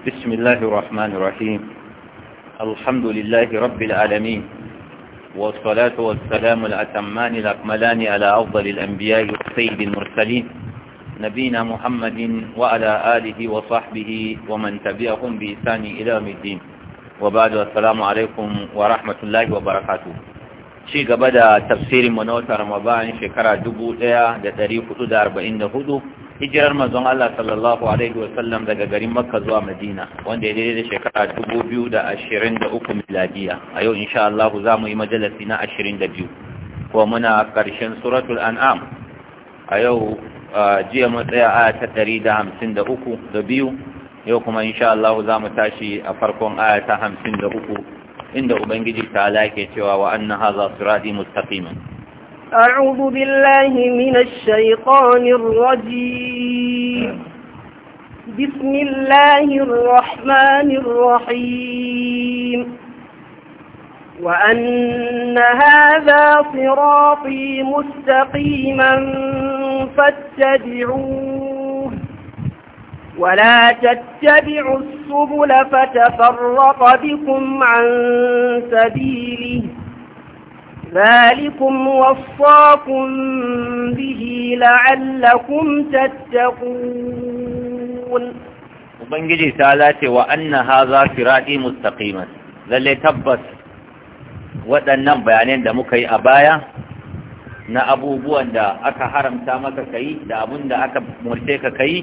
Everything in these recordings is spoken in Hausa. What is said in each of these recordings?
بسم الله الرحمن الرحيم الحمد لله رب العالمين والصلاة والسلام الأتمان الأكملان على أفضل الأنبياء والسيد المرسلين نبينا محمد وعلى آله وصحبه ومن تبعهم بإحسان إلى يوم الدين وبعد السلام عليكم ورحمة الله وبركاته شيء قبل تفسير منوتة رمضان شكرا دبو ليا لتاريخ 44 hijirar manzon Allah sallallahu alaihi wa sallam daga garin Makka zuwa Madina wanda ya daidai da shekara 2023 miladiya a yau insha Allah za mu yi majalisi na 22 kuma muna karshen suratul an'am a yau jiya mun tsaya aya ta 153 da biyu yau kuma insha Allah za mu tashi a farkon aya ta 53 inda ubangiji ta lake cewa wa anna hadha sirati mustaqiman أعوذ بالله من الشيطان الرجيم بسم الله الرحمن الرحيم وأن هذا صراطي مستقيما فاتبعوه ولا تتبعوا السبل فتفرق بكم عن سبيله ذلكم وصاكم به لعلكم تتقون وبنجي تعالى za هذا raɗi مستقيما lallai tabbas waɗannan bayanan da muka yi a baya na abubuwan da aka haramta maka kai da abun da aka murce ka kai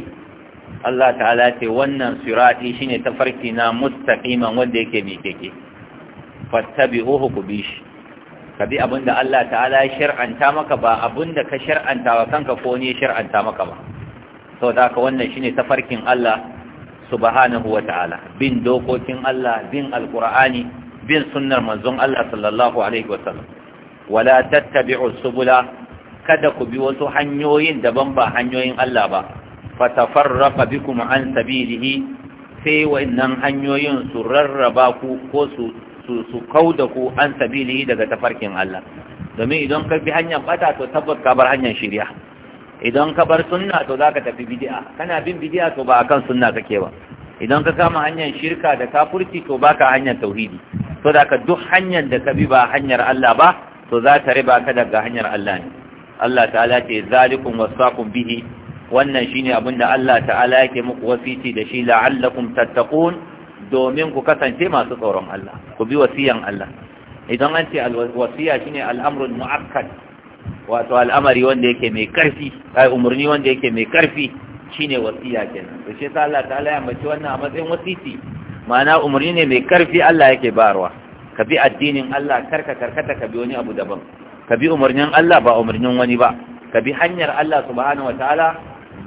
Allah ta ce wannan ne shine tafarki na mustaqiman wanda yake miƙeƙe fattabi'uhu ku bishi shi ka bi abin da Allah ta'ala ya shir'anta maka ba abin da ka shir'anta wa kanka ko ne shir'anta maka ba sau da wannan shine tafarkin Allah subhanahu wa ta'ala bin dokokin Allah bin alkur'ani bin sunnar manzon Allah sallallahu alaihi wasallam wala tattabi'u subula kada ku bi wasu hanyoyin daban ba hanyoyin Allah ba fatafarraqa bikum an sabilihi sai wa'annan hanyoyin su rarraba ku ko su su kau da ku an sabili daga tafarkin Allah domin idan ka bi hanyar bata to tabbas ka bar hanyar shirya idan ka bar sunna to zaka tafi bid'a kana bin bid'a to ba akan sunna kake ba idan ka kama hanyar shirka da kafurci to baka hanyar tauhidi to da ka duk hanyar da ka bi ba hanyar Allah ba to za ta riba ka daga hanyar Allah ne Allah ta'ala ce zalikum wasaqum bihi wannan shine abinda Allah ta'ala yake muku wasiti da shi la'allakum tattaqun domin ku kasance masu tsoron Allah ku bi wasiyan Allah idan an ce wasiya shine al'amrul mu'akkad wato al'amari wanda yake mai karfi kai umurni wanda yake mai karfi shine wasiya kenan to shi ta Allah ta'ala ya mace wannan a matsayin wasiti ma'ana umurni ne mai karfi Allah yake barwa ka bi addinin Allah karka karkata ka bi wani abu daban ka bi umurnin Allah ba umurnin wani ba ka bi hanyar Allah subhanahu wataala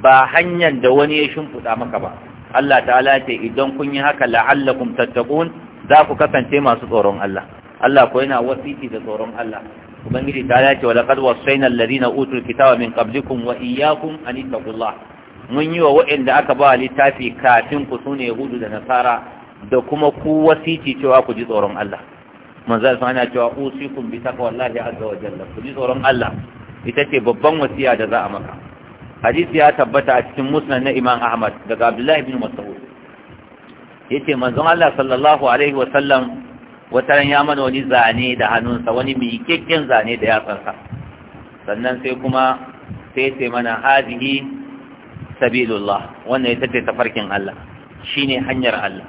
ba hanyar da wani ya shimfiɗa maka ba Allah ta'ala ce idan kun yi haka la'allakum tattaqun za ku kasance masu tsoron Allah Allah ko yana wasiki da tsoron Allah ubangiji ta ce wa laqad wasayna alladhina utul kitaba min qablikum wa iyyakum an ittaqullah mun yi wa waɗanda aka ba littafi kafin ku sune yahudu da nasara da kuma ku wasiki cewa ku ji tsoron Allah manzal sa ana cewa usikum bi taqwallahi azza wa jalla ku ji tsoron Allah ita ce babban wasiya da za a maka hadisi ya tabbata a cikin musnad na imam ahmad daga abdullahi bin mas'ud yace manzon Allah sallallahu alaihi wa sallam wataran ya mana wani zane da hannunsa wani miƙeƙƙen zane da yatsansa sannan sai kuma sai ce mana hadihi sabilullah wannan ita ce tafarkin Allah shine hanyar Allah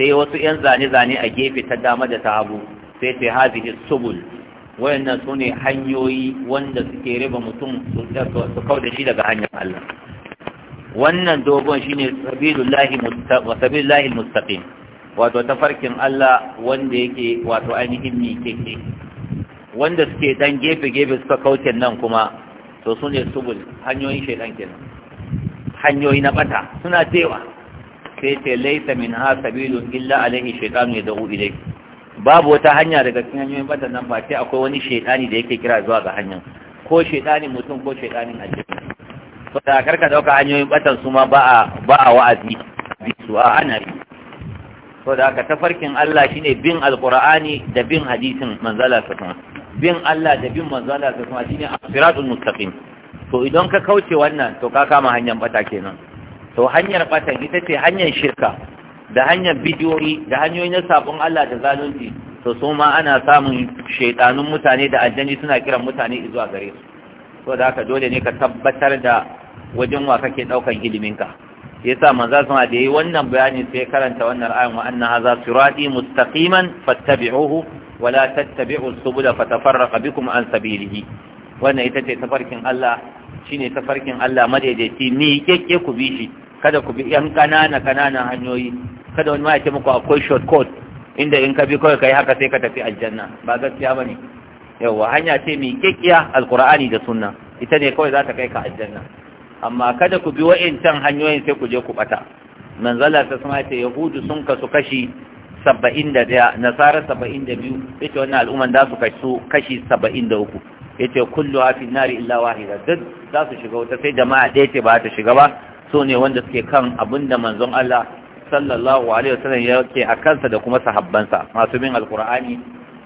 sai wasu 'yan zane-zane a gefe ta dama da ta hagu sai ce hadihi subul wayannan su ne hanyoyi wanda suke riba mutum su kau da shi daga hanyar Allah wannan dogon shi ne sabilullahi mustaqim wato tafarkin Allah wanda yake wato ainihin keke. wanda suke dan gefe-gefe suka kauce nan kuma to su ne subul hanyoyin shaidan kenan hanyoyi na bata suna cewa sai ce laisa min ha sabilun illa alaihi shaitanu ya da'u ilaihi babu wata hanya daga cikin hanyoyin bata nan ba sai akwai wani shaidani da yake kira zuwa ga hanyar ko shaidanin mutum ko shaidanin aljanna ba da karka dauka hanyoyin batan su ma ba a ba a wa'azi su a ana yi ko da ka tafarkin Allah shine bin alqur'ani da bin hadisin manzala sa kuma bin Allah da bin manzala sa kuma shine siratul mustaqim to idan ka kauce wannan to ka kama hanyar bata kenan to hanyar bata ita ce hanyar shirka da hanyar bidiyoyi da hanyoyin sabon Allah da zalunci to su ma ana samun shaitanun mutane da aljani suna kiran mutane zuwa gare su to da haka dole ne ka tabbatar da wajen wa kake daukan iliminka yasa manzo sun da yi wannan bayani sai karanta wannan ayan wa anna hadha sirati mustaqiman fattabi'uhu wa la tattabi'u subula fatafarraqa bikum an sabilihi wannan ita ce tafarkin Allah shine tafarkin Allah madaidaici ni kekke ku bi shi kada ku bi yan kanana kananan hanyoyi kada wani ma ya ce muku akwai short coat. inda in ka bi kawai ka yi haka sai ka tafi aljanna ba gaskiya ba ne yawa hanya ce mai kekiya alkur'ani da sunna ita ne kawai za ta kai ka aljanna amma kada ku bi wa'incan hanyoyin sai ku je ku bata manzala ta sama ce yahudu sun kasu kashi saba'in da ɗaya nasara saba'in da biyu ya ce wannan al'umman za su kasu kashi saba'in da uku ya ce kullu hafi nari illa wahida duk za su shiga wuta sai jama'a ɗaya ce ba ta shiga ba Su ne wanda suke kan abin da manzon Allah sallallahu alaihi wasallam yake a kansa da kuma sahabbansa masu bin alqur'ani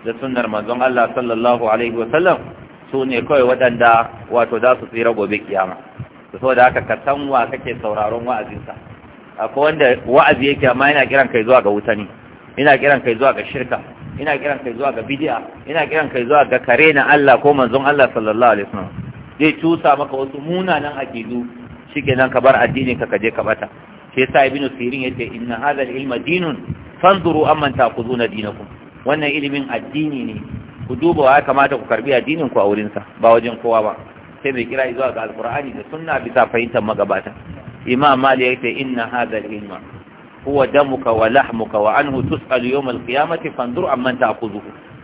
da sunnar manzon Allah sallallahu alaihi wasallam so ne kawai waɗanda wato za su tsira gobe kiyama saboda haka ka san wa kake sauraron wa'azinsa akwai wanda wa'azi yake amma yana kiran kai zuwa ga wuta ne ina kiran kai zuwa ga shirka ina kiran kai zuwa ga bid'a ina kiran kai zuwa ga kare na Allah ko manzon Allah sallallahu alaihi wasallam zai cusa maka wasu munanan akidu shikenan ka bar addinin ka kaje ka bata sai sa ibn sirin yace inna hadha al-ilma dinun fanzuru amman ta'khuduna dinakum wannan ilimin addini ne ku duba wa kamata ku karbi addinin ku a wurin sa ba wajen kowa ba sai mai kira zuwa ga alqur'ani da sunna bisa fahimtar magabata imam mali yace inna hadha al-ilma huwa damuka wa lahmuka wa anhu tus'alu yawm al-qiyamati fanzur amman ta'khudhu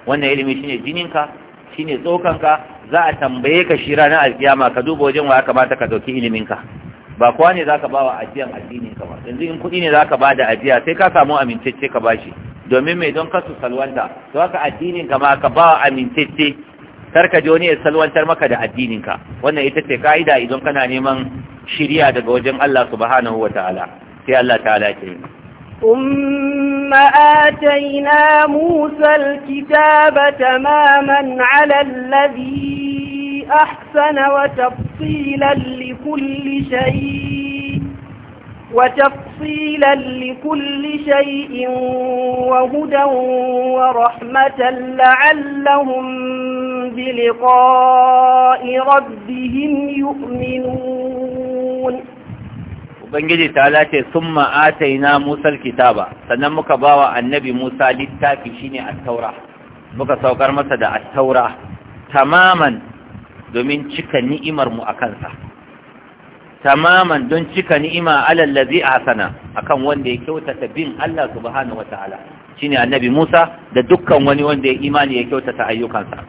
wannan ilimi shine jininka shine tsokanka za a tambaye ka shi ranar alkiyama ka duba wajen wa ya kamata ka dauki ilimin ka ba kuwa ne ka ba wa ajiyan addini ka ba yanzu in kuɗi ne za ka ba da ajiya sai ka samu amintacce ka bashi domin mai don kasu salwanta to haka addinin ka ma ka ba wa amintacce karka ji wani ya salwantar maka da addinin ka wannan ita ce ka'ida idan kana neman shiriya daga wajen Allah subhanahu wataala sai Allah ta'ala ke yi ثم آتينا موسى الكتاب تماما على الذي أحسن وتفصيلا لكل شيء وتفصيلا لكل شيء وهدى ورحمة لعلهم بلقاء ربهم يؤمنون ubangiji ta lace sun ma'atai na musar kitaba sannan muka ba wa annabi musa littafi shine attaura muka saukar masa da attaura tamaman domin cika ni'imar mu a kansa tamaman don cika ni'ima alallazi a kan wanda ya kyautata bin Allah subhanahu wataala shine annabi Musa da dukkan wani wanda ya imani ya kyautata ayyukansa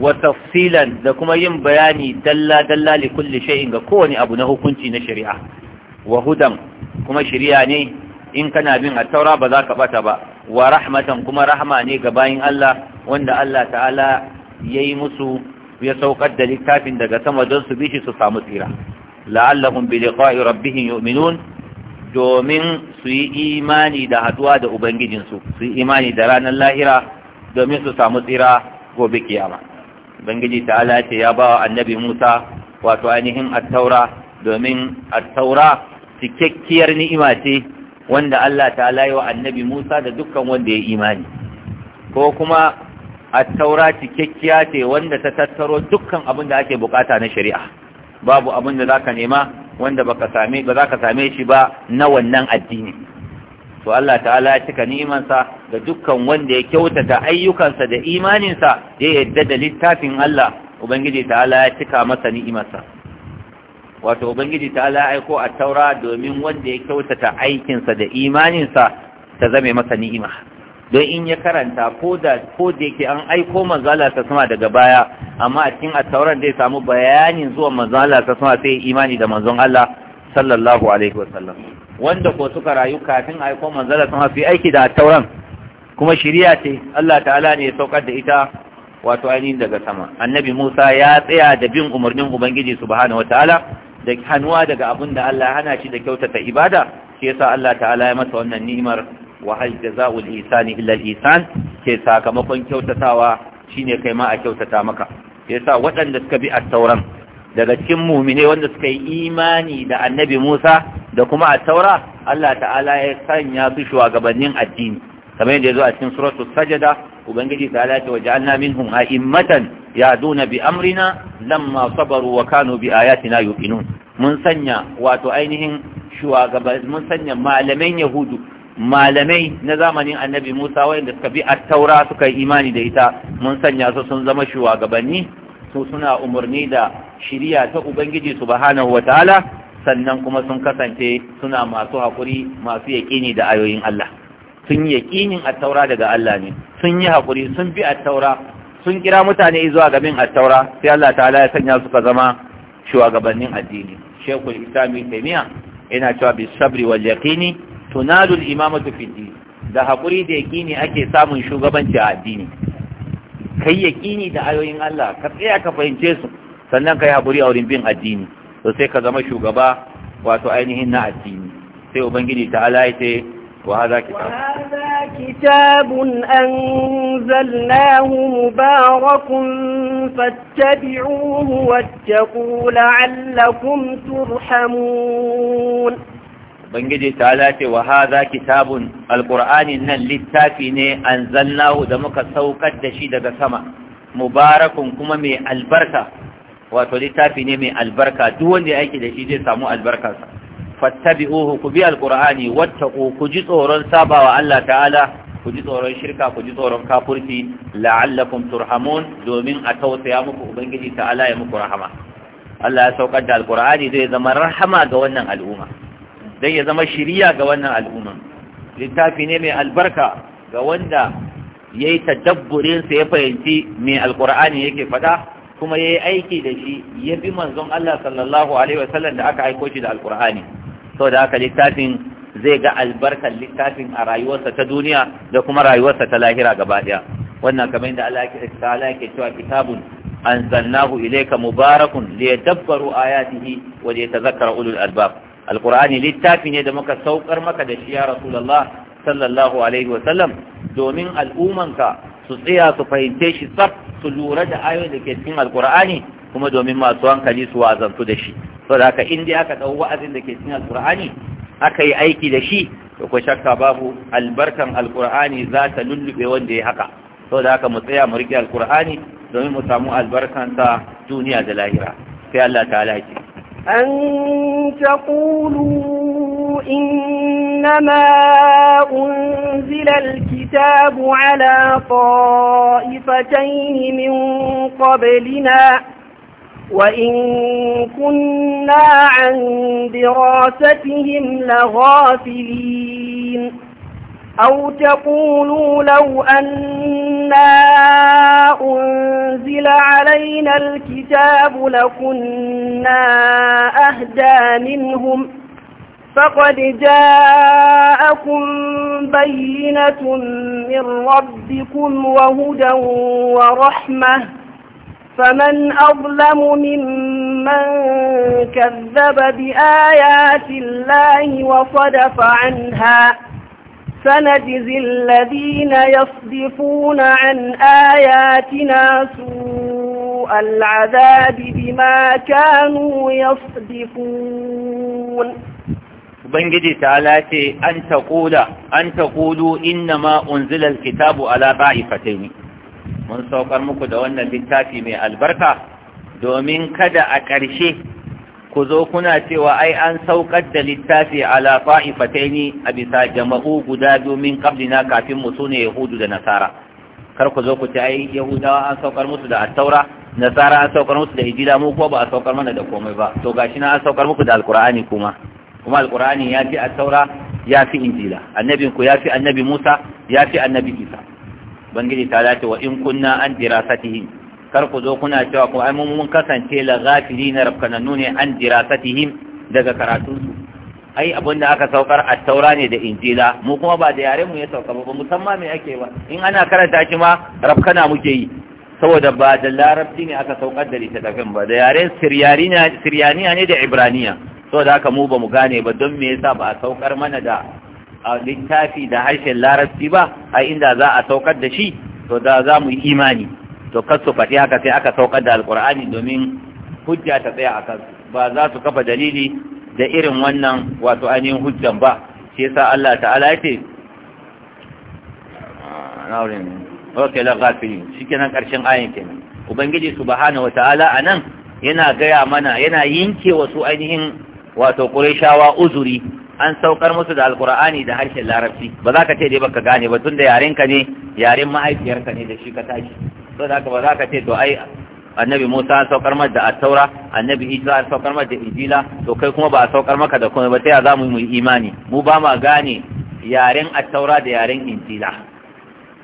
wa tafsilan da kuma yin bayani dalla dalla li kulli shay'in ga kowane abu na hukunci na shari'a wa hudan kuma shirya ne in kana bin attaura taura ba za ka bata ba wa rahmatan kuma rahma ne ga bayin Allah wanda Allah ta'ala yayi musu ya saukar da littafin daga sama don su bishi su samu tsira la'allahum bi liqa'i rabbihim yu'minun domin su yi imani da haduwa da ubangijinsu su yi imani da ranar lahira domin su samu tsira gobe kiyama ubangiji ta'ala ce ya ba wa annabi musa wato ainihin attaura domin attaura cikakkiyar ni'ima ce wanda Allah ta yi wa annabi Musa da dukkan wanda ya imani ko kuma a taura cikakkiya ce wanda ta tattaro dukkan abin da ake bukata na shari'a babu abin da za ka nema wanda ba za ka same shi ba na wannan addini to Allah ta'ala ya cika ni'imansa ga dukkan wanda ya kyautata ayyukansa da imaninsa ya yarda da littafin Allah ubangiji ta'ala ya cika masa ni'imarsa wato ubangiji ta ala aiko a taura domin wanda ya kyautata aikinsa da imaninsa ta zame masa ni'ima don in ya karanta ko da ko da yake an aiko manzala ta sama daga baya amma a cikin attauran zai samu bayanin zuwa manzala ta sama sai imani da manzon Allah sallallahu alaihi sallam wanda ko suka rayu kafin aiko manzala sama sai aiki da attauran kuma shiriya ce Allah ta'ala ne ya saukar da ita wato ainihin daga sama annabi Musa ya tsaya da bin umarnin ubangiji subhanahu wataala da hannuwa daga abin da Allah hana shi da kyautata ibada shi yasa Allah ta'ala ya masa wannan ni'imar wa hal jazaa'ul ihsani illa ke sakamakon kyautatawa shine kai ma a kyautata maka yasa waɗanda suka bi at-tauran daga cikin mu'mine wanda suka yi imani da annabi Musa da kuma at-taura Allah ta'ala ya sanya su shugabannin addini kamar yadda yazo a cikin suratul sajda ubangiji ta lati wa ja'alna minhum a'immatan yaduna bi amrina lamma sabaru wa kanu bi ayatina yuqinun mun sanya wato ainihin shugaban mun sanya malaman yahudu malamai na zamanin annabi Musa wayanda suka bi at-taura suka yi imani da ita mun sanya su sun zama shugabanni su suna umarni da shiriya ta ubangiji subhanahu wataala sannan kuma sun kasance suna masu haƙuri masu yaƙini da ayoyin Allah sun yi yaƙinin attaura daga Allah ne sun yi haƙuri sun bi attaura sun kira mutane zuwa ga bin attaura sai Allah ta'ala ya sanya suka zama shugabannin addini shekul islami taimiya yana cewa bi sabri wal yaqini tunalul imamatu fi da haƙuri da yaƙini ake samun shugabanci a addini kai yaƙini da ayoyin Allah ka tsaya ka fahimce su sannan ka yi haƙuri a wurin bin addini to sai ka zama shugaba wato ainihin na addini sai ubangiji ta'ala ya ce وهذا كتاب وهذا كتاب أنزلناه مبارك فاتبعوه واتقوا لعلكم ترحمون Ubangiji ta lati wa ha za kitabun al’ur’ani nan littafi ne an zallahu da muka saukar da shi daga sama, mubarakun kuma mai albarka, wato littafi ne mai albarka, duk wanda ya aiki da shi zai samu albarkarsa. fattabi'uhu ku bi alqur'ani wattaqu ku ji tsoron sabawa Allah ta'ala ku ji tsoron shirka ku ji tsoron kafirci la'allakum turhamun domin a tausaya muku ubangiji ta'ala ya muku rahama Allah ya saukar da alqur'ani zai zama rahama ga wannan al'umma zai ya zama shiriya ga wannan al'umma littafi ne mai albarka ga wanda yayi tadabburin sa ya fahimci me alqur'ani yake faɗa kuma yayi aiki da shi ya bi manzon Allah sallallahu alaihi wasallam da aka aiko shi da alqur'ani Sau da haka littafin zai ga albarkar littafin a rayuwarsa ta duniya da kuma rayuwarsa ta lahira gaba daya wannan kamar yadda Allah ya ta'ala yake cewa kitabun anzalnahu ilayka mubarakun liyadabbaru ayatihi wa liyatadhakkara ulul albab alqur'ani littafi ne da muka saukar maka da shi ya rasulullah sallallahu alaihi wa sallam domin ka su tsaya su fahimce shi tsaf su lura da ayoyin da ke cikin alqur'ani kuma domin masu hankali su wazantu da shi da haka in aka ɗau wa'azin da ke cikin alqur'ani aka yi aiki da shi to ko shakka babu albarkan alkur'ani za ta lullube wanda ya haka da haka mu tsaya mu rike alkur'ani domin mu samu albarkan ta duniya da lahira sai Allah ta'ala ya an taqulu إنما أنزل الكتاب على طائفتين من قبلنا وإن كنا عن دراستهم لغافلين أو تقولوا لو أنا أنزل علينا الكتاب لكنا أهدى منهم فقد جاءكم بينة من ربكم وهدى ورحمة فمن أظلم ممن كذب بآيات الله وصدف عنها سنجزي الذين يصدفون عن آياتنا سوء العذاب بما كانوا يصدفون بنجد تعالى أن تقول أن تقولوا إنما أنزل الكتاب على ضعفتين mun saukar muku da wannan littafi mai albarka domin kada a ƙarshe ku zo kuna cewa ai an saukar da littafi ala fa'ifataini a bisa jama'u guda domin kablina kafin mu sune yahudu da nasara kar ku zo ku ce ai yahudawa an saukar musu da attaura nasara an saukar musu da injila mu ko ba a saukar mana da komai ba to gashi na an saukar muku da alqur'ani kuma kuma alqur'ani ya fi attaura ya fi injila annabinku ya fi annabi musa ya fi annabi isa bangiji ta lati wa in kunna an dirasatihim kar ku zo kuna cewa ko ai mun kasance la ghafilina rabkanannu ne an dirasatihim daga karatu ai abin da aka saukar a taura ne da injila mu kuma ba da yare mu ya sauka ba musamman me ake ba in ana karanta shi ma rabkana muke yi saboda ba da larabci ne aka saukar da littattafin ba da yaren siryaniya ne da ibraniya saboda haka mu ba mu gane ba don me yasa ba a saukar mana da a littafi da harshen larabci ba a inda za a saukar da shi to da za mu yi imani to kasu fati haka sai aka saukar da alkur'ani domin hujja ta tsaya a kansu ba za su kafa dalili da irin wannan wato ainihin hujjan ba shi yasa Allah ta'ala ya ce ah, ok la ghafirin shikenan karshen ayin kenan ubangiji subhanahu a nan yana gaya mana yana yinke wasu ainihin wato qurayshawa uzuri an saukar musu da alkur'ani da harshen larabci ba za ka ce dai baka gane ba tunda yarenka ne yaren mahaifiyarka ne da shi ka tashi so da ba za ka ce to ai annabi musa an saukar mata da attaura annabi isa an saukar mata da injila to kai kuma ba a saukar maka da komai ba ta a za mu yi imani mu ba ma gane yaren attaura da yaren injila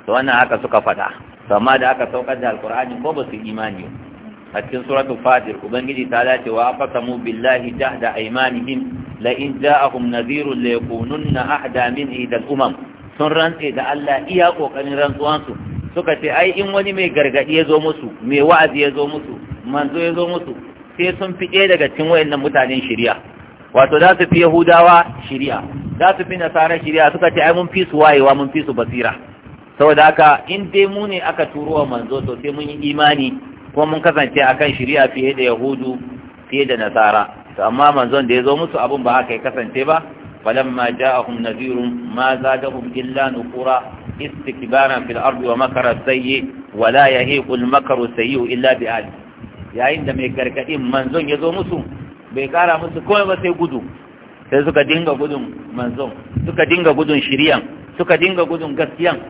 to wannan haka suka faɗa to amma da aka saukar da alkur'ani ko ba su imani ba a cikin suratul fatir ubangiji ta dace wa aqsamu billahi jahda aymanihim la in ja'ahum nadhirun la yakununna ahda min idal umam sun rantse da Allah iya kokarin rantsuwansu suka ce ai in wani mai gargadi ya zo musu mai wa'azi ya zo musu manzo ya zo musu sai sun fice daga cikin wayannan mutanen shari'a wato za su fi yahudawa shari'a za su fi nasara shari'a suka ce ai mun fi su wayewa mun fi su basira saboda haka in dai mu ne aka turo wa manzo to sai mun yi imani Kuma mun kasance a kan shirya fiye da yahudu fiye da nasara to amma manzon da ya zo musu abun ba haka ya kasance ba falamma ja'ahum nadhirun ma zadahum illa nuqura istikbara fil ardi wa makara sayyi wa la yahiqu al makru sayyi illa bi ahli yayin da mai gargadin manzon ya zo musu bai kara musu komai ba sai gudu sai suka dinga gudun manzon suka dinga gudun shiriyan suka dinga gudun gaskiyan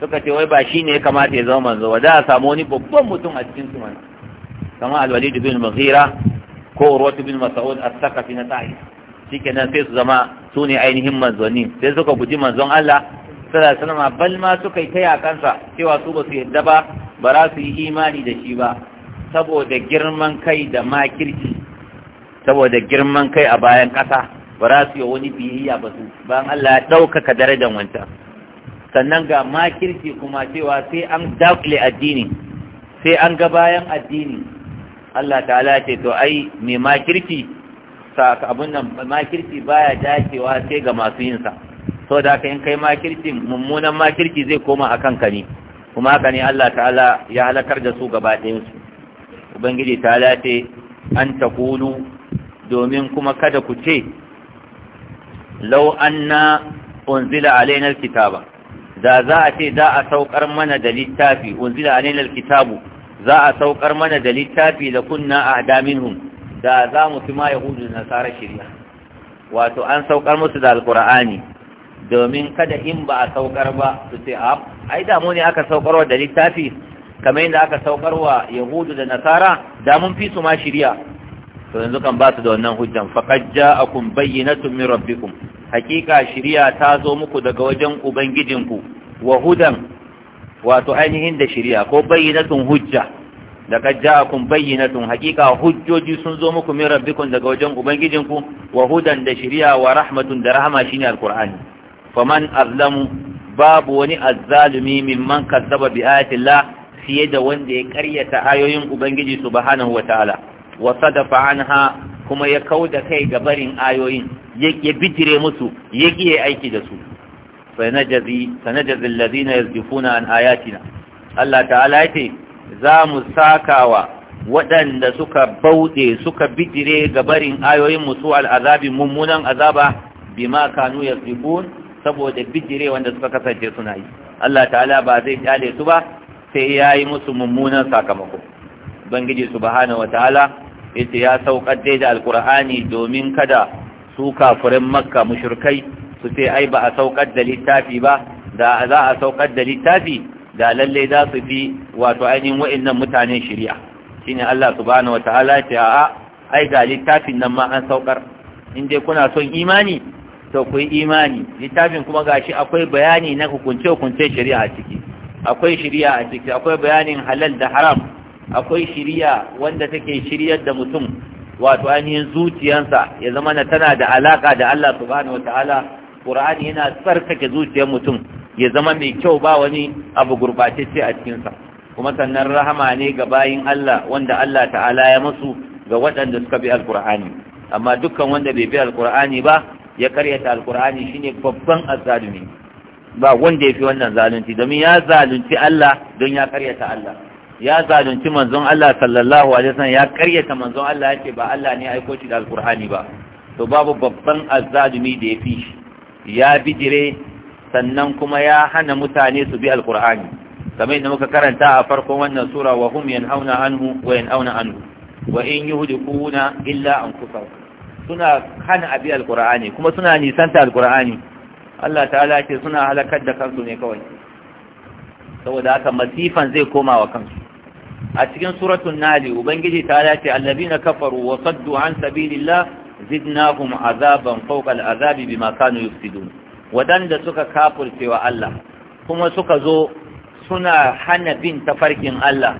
suka ce wai ba shi ne ya kamata ya zama manzo ba za a samu wani babban mutum a cikin su mana kamar alwalid bin mazira ko rotu bin a saka sakafi na ke nan sai su zama su ne ainihin manzoni sai suka guji manzon Allah sada alaihi wasallam bal ma suka yi taya kansa cewa su ba su yadda ba ba za su yi imani da shi ba saboda girman kai da makirci saboda girman kai a bayan kasa ba za su yi wani biyayya ba su bayan Allah ya ɗaukaka darajar wancan sannan ga makirci kuma cewa sai an dakule addini sai an ga bayan addini Allah ta'ala ce to ai mai makirci abin nan makirci baya dacewa sai ga masu yinsa so da aka yin kai makirki mummunan makirci zai koma a kanka ne kuma haka ne Allah ta'ala ya halakar da su gaba su ubangiji ta'ala ce an ta kulu domin kuma kada ku ce lau anna unzila alainar kitaba da za a ce za a saukar mana da littafi unzila alaina alkitabu za a saukar mana da littafi da kunna a minhum da za mu fi ma yahudu da nasara shirya wato an saukar musu da alqur'ani domin kada in ba a saukar ba su ce a ai da mu ne aka saukarwa da littafi kamar yadda aka saukarwa yahudu da nasara da mun fi su ma shirya to yanzu kan ba su da wannan hujjan faqad ja'akum bayyinatun min rabbikum hakika shiriya ta zo muku daga wajen ubangijinku wa hudan wato ainihin da shiriya ko bayyana tun hujja laqad ja'akum bayyinatun hakika hujjoji sun zo muku min rabbikum daga wajen ubangijinku wa hudan da shiriya wa rahmatun da rahama shine alqur'ani faman azlamu babu wani azzalumi mimman kazzaba bi ayati Allah fiye da wanda ya karyata ayoyin ubangiji subhanahu wataala wa sadafa anha kuma ya kauda kai ga barin ayoyin ya bijire musu ya kiye aiki da su sanajazi sanajazi alladhina yazdifuna an ayatina Allah ta'ala yace za mu sakawa waɗanda suka bauɗe suka bijire ga barin ayoyin musu al'azabi mummunan azaba bima kanu yazdifun saboda bijire wanda suka kasance suna yi Allah ta'ala ba zai kyale su ba sai ya yi musu mummunan sakamako ubangiji subhanahu wataala yace ya saukar dai da alkur'ani domin kada su kafirin makka mushrikai su ce ai ba a saukar da littafi ba da za a saukar da littafi da lalle za su fi wato ainihin wa'annan mutanen shari'a shine Allah subhanahu wataala ya ce a'a ai ga littafin nan ma an saukar in dai kuna son imani to ku yi imani littafin kuma gashi akwai bayani na hukunce hukunce shari'a a ciki akwai shari'a a ciki akwai bayanin halal da haram akwai shirya wanda take shiryar da mutum wato ainihin zuciyansa ya zama na tana da alaka da Allah subhanahu wataala Qur'ani yana tsarkake zuciyar mutum ya zama mai kyau ba wani abu gurbatacce a cikinsa kuma sannan rahama ne ga bayin Allah wanda Allah ta'ala ya musu ga waɗanda suka bi alqur'ani amma dukkan wanda bai bi alkur'ani ba ya karyata alqur'ani shine babban azzalumi ba wanda ya fi wannan zalunci domin ya zalunci Allah don ya karyata Allah ya zalunci manzon Allah sallallahu alaihi wasallam ya karyata manzon Allah yake ba Allah ne aiko shi da alkur'ani ba to babu babban azalumi da ya fi shi ya bijire sannan kuma ya hana mutane su bi alkur'ani kamar yadda muka karanta a farkon wannan sura wa hum yanhauna anhu wa yanhauna anhu wa in yuhdikuna illa anfusahum suna hana abi alkur'ani kuma suna nisanta alkur'ani Allah ta'ala ce suna halakar da kansu ne kawai saboda haka masifan zai koma wa kansu a cikin suratun nali ubangiji ta dace allazina kafaru wa saddu an sabilillah zidnahum azaban fawqa azabi bima kanu yufsidun wadanda suka kafirce Allah kuma suka zo suna hana bin tafarkin Allah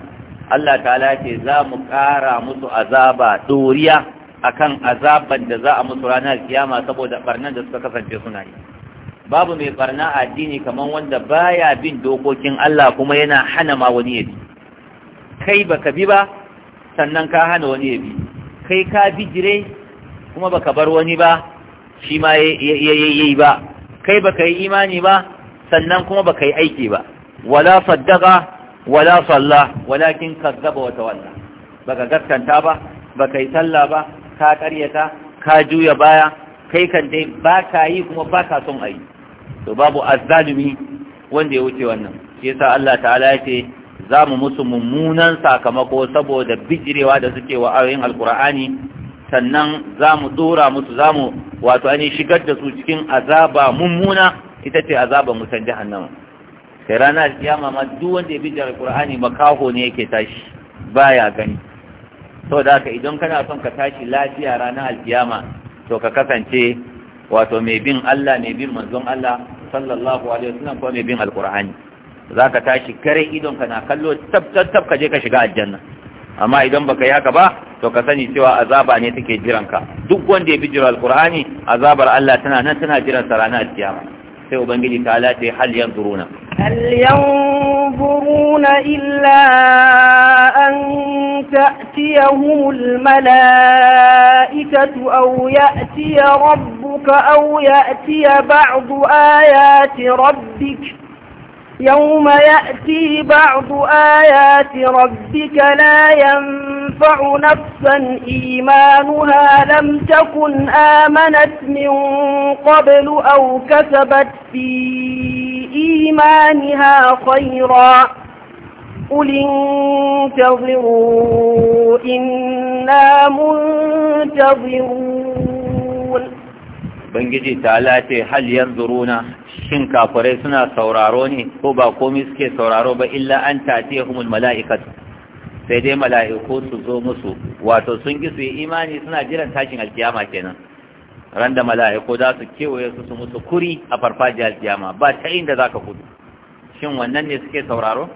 Allah ta'ala ce za mu ƙara musu azaba doriya akan azaban da za a musu ranar kiyama saboda barnan da suka kasance suna yi babu mai barna addini kamar wanda baya bin dokokin Allah kuma yana hana ma wani yabi kai baka bi ba sannan ka hana wani ya bi kai ka bijire kuma baka bar wani ba shi ma yayi ba kai baka yi imani ba sannan kuma baka yi aiki ba wala saddaqa wala salla walakin kazzaba wa tawalla baka gaskanta ba baka yi sallah ba ka karyata ka juya baya kai kan dai baka yi kuma baka son ayi to babu azzalimi wanda ya wuce wannan shi yasa Allah ta'ala ya ce za mu musu mummunan sakamako saboda bijirewa da suke wa ayoyin alkur'ani sannan za mu dora musu za mu wato ainihin shigar da su cikin azaba mummuna ita ce azaba mutan jahannama sai rana kiyama ma duk wanda ya bijira alkur'ani makaho ne yake tashi baya gani da haka idan kana son ka tashi lafiya ranar alkiyama to ka kasance wato mai bin Allah mai bin manzon Allah sallallahu alaihi wasallam ko mai bin alkur'ani za ka tashi kare idonka na kallo tab ka je ka shiga aljanna amma idan baka yi haka ba to ka sani cewa azaba ne take jiranka duk wanda ya bi bijira alqur'ani azabar Allah tana nan tana jiran sa ranar kiyama sai ubangiji ta ala ta hal yanzuruna hal yanzuruna illa an ta'tiyahumul malaikatu aw ya'tiya rabbuka aw ya'tiya ba'du ayati rabbika يوم يأتي بعض آيات ربك لا ينفع نفسا إيمانها لم تكن آمنت من قبل أو كسبت في إيمانها خيرا قل انتظروا إنا منتظرون بنجي تعالى هل ينظرون shin kafirai suna sauraro ne ko ba komai suke sauraro ba illa an kuma mala’ikat sai dai mala'iku su zo musu wato sun ki su yi imani suna jiran tashin alkiyama kenan ran da mala'iku za su kewaye su su musu kuri a farfajiyar alkiyama ba ta inda za ka kudu shin wannan ne suke sauraro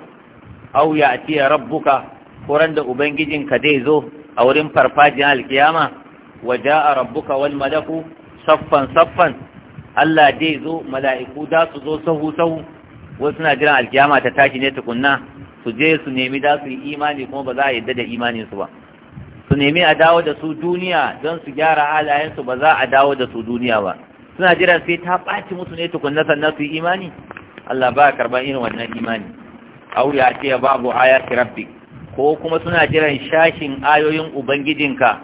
au ya atiya rabbuka ko ran da ubangijinka zai zo a wurin farfajiyar alkiyama wa ja'a rabbuka wal malaku saffan saffan Allah dai zo mala'iku da su zo sahu sahu wasu suna jiran alkiyama ta tashi ne tukunna su je su nemi da su yi imani kuma ba za a yadda da imanin su ba su nemi a dawo da su duniya don su gyara halayensu ba za a dawo da su duniya ba suna jiran sai ta ɓaci musu ne tukunna sannan su yi imani Allah ba karɓar irin wannan imani aure a ce babu ayati rabbi ko kuma suna jiran shashin ayoyin ubangijinka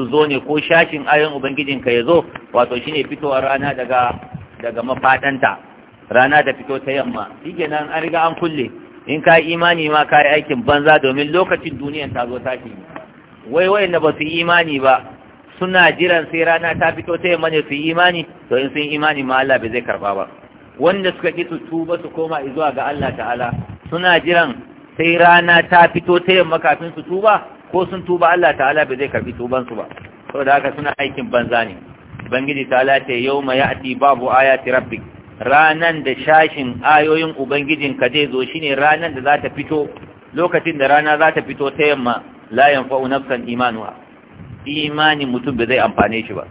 su zo ne ko shashin ayon ubangijinka ya zo wato shine a rana daga mafaɗanta. rana da fito ta yamma nan an riga an kulle in ka yi imani ma ka yi aikin banza domin lokacin duniyan ta zo tashi wai na ba su imani ba suna jiran sai rana ta fito ta yamma ne su yi imani to in sun imani ma Allah bai zai karba ba wanda suka ƙi su tuba su koma zuwa ga Allah ta'ala suna jiran sai rana ta fito ta yamma kafin su tuba ko sun tuba Allah ta'ala bai zai karbi tuban su ba saboda haka suna aikin banza ne ubangiji ta'ala ta yawma ya'ti babu ayati rabbik ranan da shashin ayoyin ubangijin ka zai zo shine ranan da za ta fito lokacin da rana za ta fito ta yamma la yanfa'u nafsan imanuha imanin mutum bai zai amfane shi ba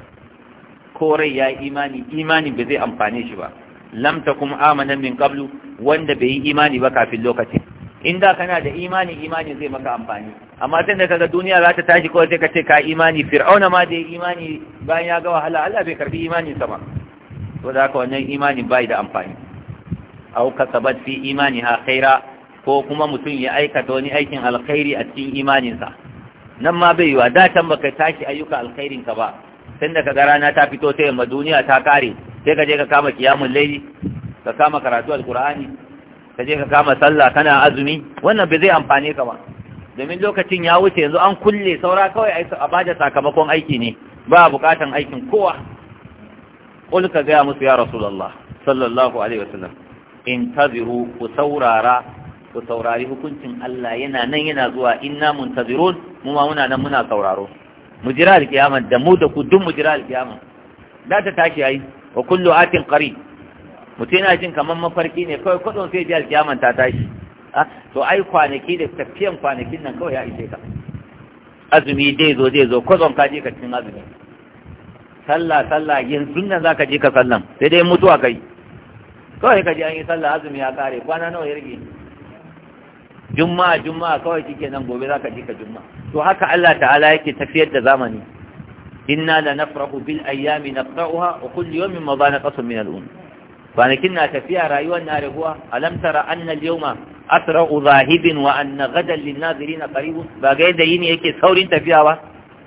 ko rai ya imani imanin bai zai amfane shi ba lam takum amana min qablu wanda bai yi imani ba kafin lokacin in da kana da imani imani zai maka amfani amma tun da kaga duniya za ta tashi kawai sai ka ce ka imani fir'auna ma da imani bayan ya ga wahala Allah bai karbi imanin sama to da haka wannan imani bai da amfani ka sabat fi ha khaira ko kuma mutum ya aikata wani aikin alkhairi a cikin imaninsa nan ma bai yiwa da tan baka tashi ayyuka alkhairin ka ba tun da kaga rana ta fito sai yamma duniya ta kare sai ka je ka kama kiyamul layli ka kama karatu alqur'ani ka je ka kama sallah kana azumi wannan bai zai amfane ka ba domin lokacin ya wuce yanzu an kulle saura kawai a bada sakamakon aiki ne ba bukatan aikin kowa qul ka gaya musu ya rasulullah sallallahu alaihi wasallam intaziru ku saurara ku saurari hukuncin Allah yana nan yana zuwa inna muntazirun mu ma muna nan muna sauraro mu jira alkiyama da mu da ku duk mu jira alkiyama da ta tashi yayi wa kullu atin qarib mutum yana jin kamar mafarki ne kawai kudin sai ji alkiyaman ta tashi ah, to ai kwanaki da tafiyan kwanakin nan kawai ya ishe ka azumi dai zo dai zo kudin ka je ka cikin azumi sallah sallah yanzu nan zaka je ka sallan sai dai mutuwa kai kawai ka je an yi sallah azumi ya kare kwana nawa ya rage juma'a juma'a kawai kike nan gobe zaka je ka juma'a to haka Allah ta'ala yake tafiyar da zamani inna la nafrahu bil ayyami naqra'uha wa kullu yawmin madana qasam min al-umm kwanakin na tafiya rayuwar na raguwa alam tara anna al-yawma asra'u zahibin wa anna ghadan lin-nazirin qaribun ba ga yadda yi ne yake saurin tafiya ba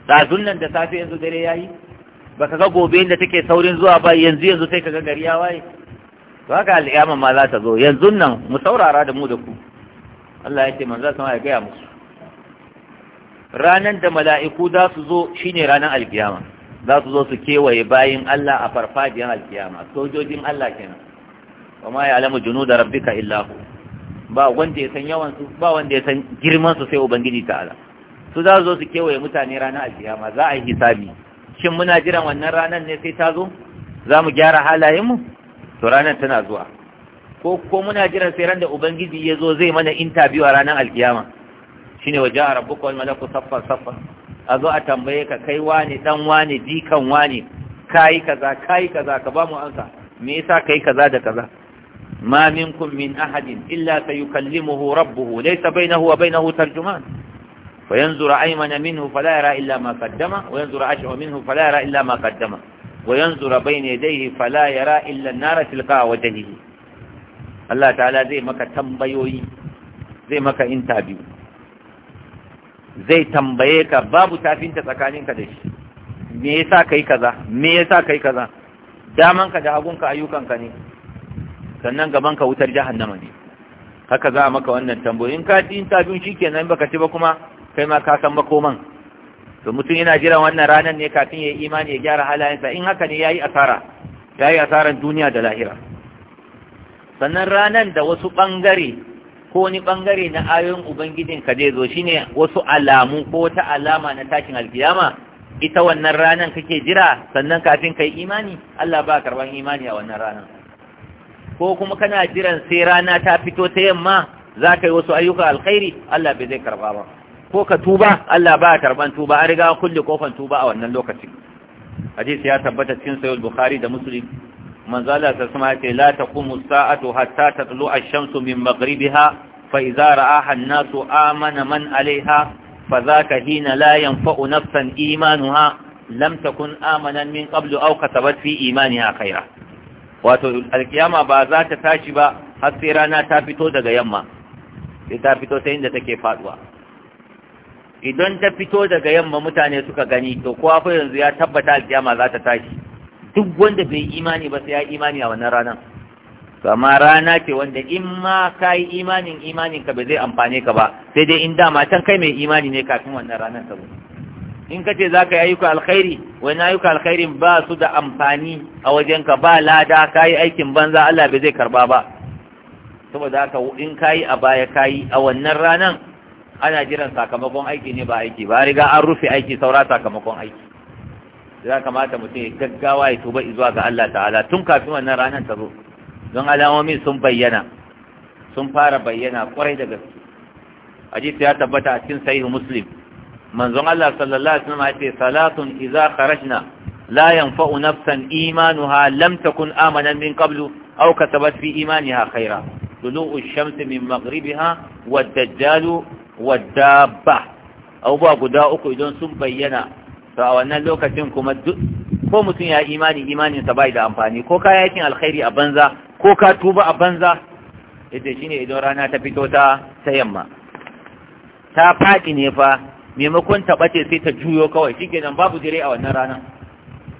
dazun nan da safe yanzu dare ya yi? Ba ka ga gobe inda take saurin zuwa ba yanzu yanzu sai ka ga gari ya waye Ba ka al-qiyama ma za ta zo yanzu nan mu saurara da mu da ku Allah ya ce manzo sama ya gaya musu Ranar da mala'iku za su zo shine ranar al za su zo su kewaye bayin Allah a farfajiyar alkiyama sojojin Allah kenan wa ma ya alamu junu da rabbika illahu ba wanda ya san yawan su ba wanda ya san girman su sai ubangiji ta'ala su za su zo su kewaye mutane ranar alkiyama za a yi hisabi shin muna jiran wannan ranar ne sai ta zo za mu gyara halayenmu to ranar tana zuwa ko ko muna jiran sai ran da ubangiji ya zo zai mana interview a ranar alkiyama shine waje a rabbuka wal malaku saffan saffan a zo a tambaye ka kai wani dan wani dikan wani Kayi kaza kayi kaza ka ba mu ansa me yasa kai kaza da kaza ma minkum min ahadin illa sayukallimuhu rabbuhu laysa bainahu wa bainahu tarjuman فينظر أيمن منه ma يرى إلا ما قدم وينظر أشعر منه فلا يرى إلا ما قدم وينظر بين يديه فلا يرى إلا النار تلقى وجهه Allah Ta'ala zai maka tambayoyi, zai maka انتابيو zai tambaye ka babu tafinta tsakaninka da shi me yasa kai kaza me yasa kai kaza ka da ayyukan ayyukanka ne sannan gaban ka wutar jahannama ne haka za a maka wannan tambayoyi in ka din in shikenan baka ci ba kuma kai ma ka san makoman to mutum yana jira wannan ranar ne kafin ya yi imani ya gyara halayensa in haka ne yayi asara yayi asaran duniya da lahira sannan ranan da wasu bangare ko wani bangare na ayoyin ubangijin ka zai zo shine wasu alamu ko wata alama na tashin alkiyama ita wannan ranan kake jira sannan kafin kai imani Allah ba karban imani a wannan ranan ko kuma kana jiran sai rana ta fito ta yamma za ka yi wasu ayyuka alkhairi Allah bai zai karba ba ko ka tuba Allah ba karban tuba an riga kulle kofan tuba a wannan lokacin hadisi ya tabbata cikin sahih bukhari da muslim manzala ta sama ce la taqumu sa'atu hatta tatlu ash-shamsu min maghribiha fa idza ra'aha an-nasu amana man 'alayha fa dhaka hina la yanfa'u nafsan imanuha lam takun amanan min qablu aw kasabat fi imaniha khayra wato alkiyama ba za ta tashi ba har sai rana ta fito daga yamma sai ta fito ta inda take faduwa idan ta fito daga yamma mutane suka gani to kowa fa yanzu ya tabbata alkiyama za ta tashi duk wanda bai imani ba sai ya imani a wannan ranar amma rana ce wanda in ma ka yi imanin imanin ka bai zai amfane ka ba sai dai in dama can kai mai imani ne kafin wannan ranar sabo in ka ce za ka yi ayyuka alkhairi wani ayyuka alkhairin ba su da amfani a wajenka ba lada ka yi aikin banza Allah bai zai karba ba saboda haka in ka yi a baya ka yi a wannan ranar ana jiran sakamakon aiki ne ba aiki ba riga an rufe aiki saura sakamakon aiki ya kamata mutum ya gaggawa ya tuba zuwa ga Allah ta'ala tun kafin wannan ranar ta zo don alamomin sun bayyana sun fara bayyana kwarai da gaske hadisi ya tabbata a cikin sahih muslim manzon Allah sallallahu alaihi wasallam ya ce salatun idza kharajna la yanfa'u nafsan imanuha lam takun amanan min qablu aw kasabat fi imaniha khaira tulu'u ash-shamsi min maghribiha wad-dajjalu wad-dabba abubuwa guda uku idan sun bayyana to a wannan lokacin kuma ko mutum ya imani imaninsa bai da amfani ko ka yakin alkhairi a banza ko ka tuba a banza ita shine idan rana ta fito ta ta yamma ta faɗi ne fa maimakon ta bace sai ta juyo kawai shikenan babu dire a wannan rana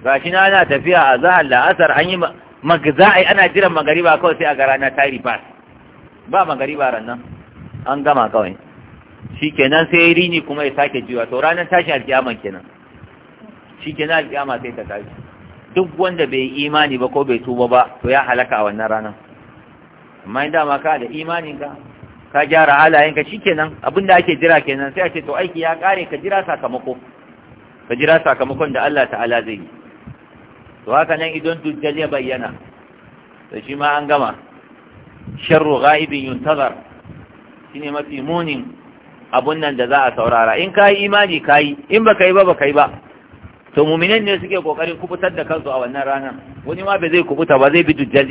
gashi na ana tafiya a zahar la'asar an yi magzai ana jiran magariba kawai sai a ga rana ta rifa ba magariba ran nan an gama kawai shikenan sai rini kuma ya sake jiwa, to ranar tashin alkiyaman kenan shi ke na alƙiyama sai ta tashi duk wanda bai imani ba ko bai tuba ba to ya halaka a wannan ranar amma in dama ka da imaninka ka gyara halayenka shi kenan abin da ake jira kenan sai a ce to aiki ya kare ka jira sakamako ka jira sakamakon da Allah ta'ala zai yi to haka nan idan dujjal ya bayyana to shi ma an gama sharru ghaibin yuntazar shine mafi munin abun nan da za a saurara in kai imani kai in baka yi ba baka yi ba to muminan ne suke kokarin kubutar da kansu a wannan ranar wani ma bai zai kubuta ba zai bi dujjal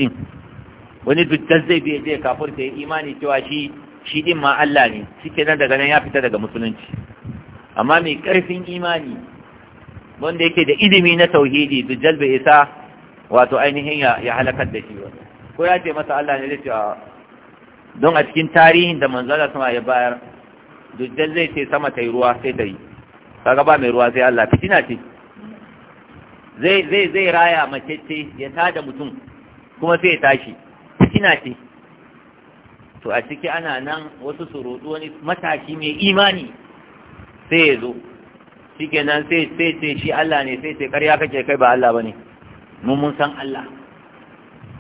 wani dujjal zai biye zai kafir ta yi imani cewa shi shi din ma Allah ne ke nan daga nan ya fita daga musulunci amma mai karfin imani wanda yake da ilimi na tauhidi dujjal bai isa wato ainihin ya halakar da shi ba ko ya ce masa Allah ne zai ce don a cikin tarihin da manzala sama ya bayar dujjal zai ce sama ta yi ruwa sai ta yi kaga ba mai ruwa sai Allah fitina ce zai zai zai raya macece ya tada mutum kuma sai ya tashi fitina ce to a ciki ana nan wasu surutu wani matashi mai imani sai ya zo shikenan sai sai ce shi Allah ne sai ce karya kake kai ba Allah bane mun mun san Allah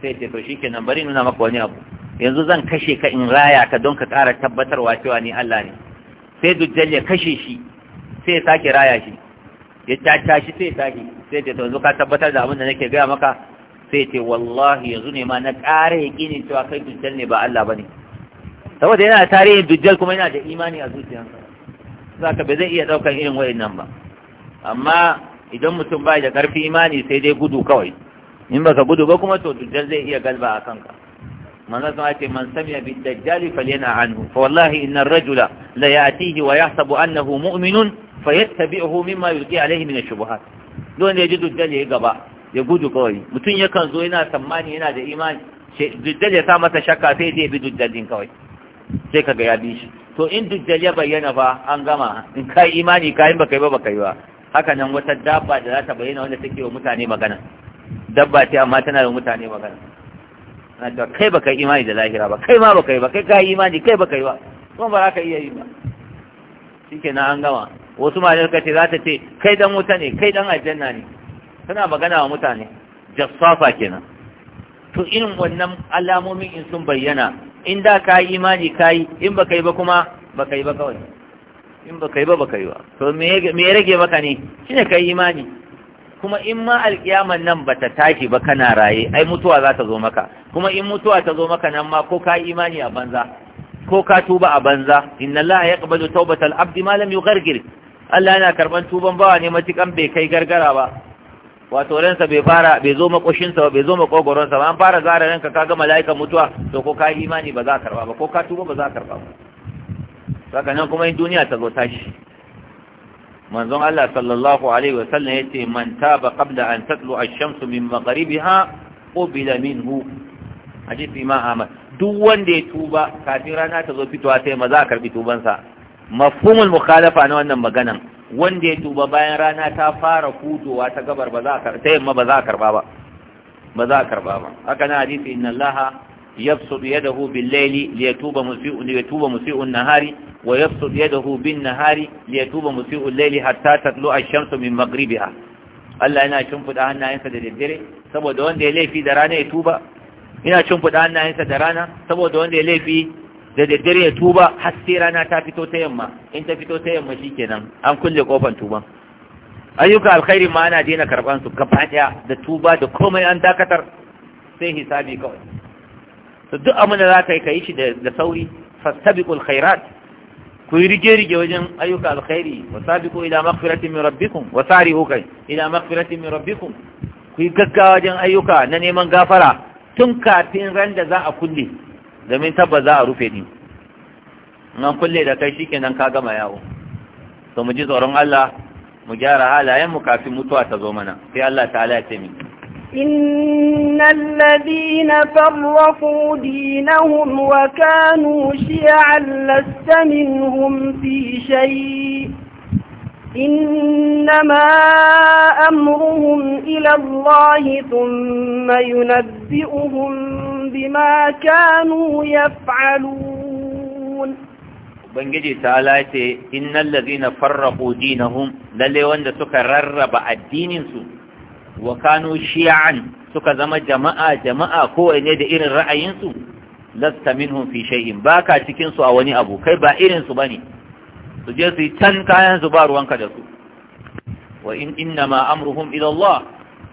sai ce to shi nan, bari nuna maka wani abu yanzu zan kashe ka in raya ka don ka ƙara tabbatarwa cewa ni Allah ne sai dujjal ya kashe shi sai ya sake raya shi ya caca shi sai ya sake sai ce to ka tabbatar da abin da nake gaya maka sai ce wallahi yanzu ne ma na ƙara yaƙinin cewa kai dujjal ne ba Allah ne. saboda yana da tarihin dujjal kuma yana da imani a zuciyarsa saka bai zai iya ɗaukar irin nan ba amma idan mutum bai da ƙarfi imani sai dai gudu kawai in baka gudu ba kuma to dujjal zai iya galba a kanka manzo sun ce man samiya bid dajjali falyana anhu fa wallahi inna ar-rajula la ya'tihi wa yahsabu annahu mu'minun fayattabi'uhu mimma yulqi alayhi min ash-shubuhat don ya ji dujjal ya gaba ya gudu kawai mutum yakan zo yana tsammani yana da imani dujjal ya sa masa shakka sai zai bi dujjal kawai sai ka ya bi shi to in dujjal ya bayyana fa an gama in kai imani kayan baka yi ba baka yi ba haka nan wata dabba da za ta bayyana wanda take wa mutane magana dabba ce amma tana da mutane magana na cewa kai baka yi imani da lahira ba kai ma baka yi ba kai ka yi imani kai baka yi ba kuma ba za ka iya yi ba shikenan an gama wasu malamai suka ce za ta ce kai dan wuta ne kai dan aljanna ne tana magana wa mutane jassafa kenan to irin wannan alamomin in sun bayyana in da ka yi imani ka yi in baka yi ba kuma baka yi ba kawai in baka yi ba baka yi ba to me ya rage maka ne shine ka yi imani kuma in ma alkiyaman nan ba ta tashi ba kana raye ai mutuwa za ta zo maka kuma in mutuwa ta zo maka nan ma ko ka yi imani a banza ko ka tuba a banza inna allaha yaqbalu tawbatal abdi ma lam yughargir Allah yana karban tuban bawa ne matukan bai kai gargara ba wato ransa bai fara bai zo makoshin ba bai zo makogoronsa ba an fara zara ranka kaga malaika mutuwa to ko ka imani ba za ka karba ba ko ka tuba ba za ka karba ba saka nan kuma in duniya ta zo tashi manzon Allah sallallahu alaihi wa sallam yace man taba qabla an tatlu ash-shamsu min maghribiha qubila minhu hadith ma amat duk wanda ya tuba kafin rana ta zo fitowa sai maza a karbi tubansa mafhumul mukhalafa na wannan maganan wanda ya tuba bayan rana ta fara hutuwa ta gabar ba za a karba sai ma ba za a karba ba ba za a karba ba haka na hadisi inna allaha yabsutu yadahu bil layli liyatuba musii'un liyatuba musii'un nahari wa yabsutu yadahu bin nahari liyatuba musii'ul layli hatta tatlu'a ash-shamsu min maghribiha Allah yana shimfida hannayensa da daddare saboda wanda ya laifi da rana ya tuba ina cin fuda hannayensa da rana saboda wanda ya laifi da daddare ya tuba har sai rana ta fito ta yamma in ta fito ta yamma shi kenan an kulle kofar tuba ayyuka alkhairi ma ana daina karɓar su gaba ɗaya da tuba da komai an dakatar sai hisabi kawai to duk abin da ka yi yi shi da sauri fastabiqul khairat ku yi rige-rige wajen ayyuka alkhairi wa sabiqu ila maghfirati min rabbikum wa sari'u kai ila maghfirati min rabbikum ku yi gaggawa wajen ayyuka na neman gafara tun kafin ran da za a kulle domin tabba za a rufe ni. nan kulle da kai shi kenan ka gama yawo to mu ji tsoron Allah mu gyara halayen mu kafin mutuwa ta zo mana sai Allah ta'ala ya ce mini إن الذين فرقوا دينهم وكانوا شيعا لست منهم في شيء إنما أمرهم إلى الله ثم ينبئهم بما كانوا يفعلون Ubangiji ta lace, Innan lazina farraƙo dinahum, lalle wanda suka rarraba addininsu, wa kanu suka zama jama'a jama'a ko da irin ra'ayinsu, lasta minhum fi shay'in, ba cikinsu a wani abu, kai ba irinsu ba ne, su je su yi can kayan ba ruwanka da su wa in inna ma amruhum ila Allah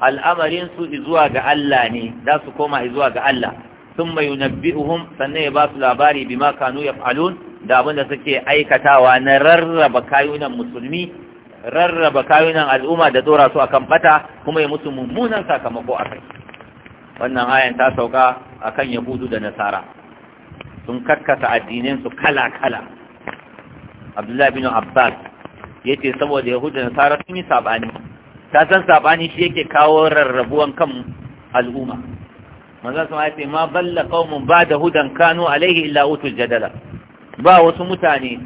al'amarin su zuwa ga Allah ne za su koma zuwa ga Allah sun mai yunabbi'uhum sannan ya ba su labari bima kanu yaf'alun da abin da suke aikatawa na rarraba kayunan musulmi rarraba kayunan al'umma da dora su akan bata kuma ya musu mummunan sakamako a kai wannan ayan ta sauka akan yahudu da nasara sun karkasa addininsu kala-kala abdullahi bin abbas ya ce saboda yahudu na tsara sun yi saɓani ta san saɓani shi yake kawo rarrabuwan kan al'umma manzan su ce ma balla kaumun ba da hudan kano alaihi illa utul jadala ba wasu mutane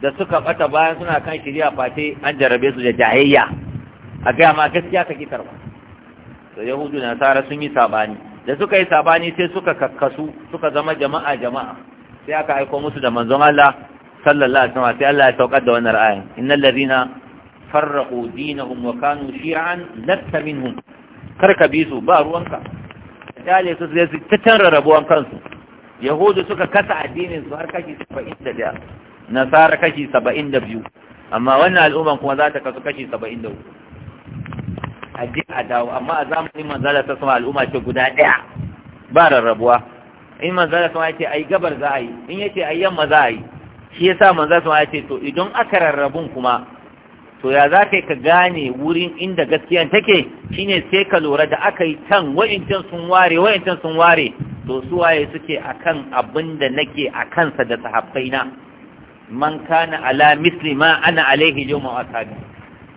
da suka bata bayan suna kan shirya fate an jarabe su da jayayya a gaya ma gaskiya ka kitar ba da yahudu na nasara sun yi saɓani da suka yi saɓani sai suka kakkasu suka zama jama'a jama'a sai aka aiko musu da manzon Allah sallallahu alaihi wasallam sai Allah ya saukar da wannan ayan innal ladina farraqu dinahum wa kanu shi'an latta minhum karka bi su ba ruwanka dale su sai su tattara rabuwan kansu yahudu suka kasa addinin su har kashi 71 nasara kashi 72 amma wannan al'umman kuma za ta kasu kashi 73 addin a dawo amma a zamanin manzala ta sama al'umma ce guda daya ba rarrabuwa in manzala sama yace ai gabar za a yi in yace ai yamma za a yi shi ya sa yasa su ma ce to idan aka rarrabun kuma to ya za ka gane wurin inda gaskiyan take shine sai ka lura da aka yi can wa'incan sun ware wa'incan sun ware to su waye suke a kan abin da nake a kansa da sahabbaina man kana ala misli ma ana alaihi a asabi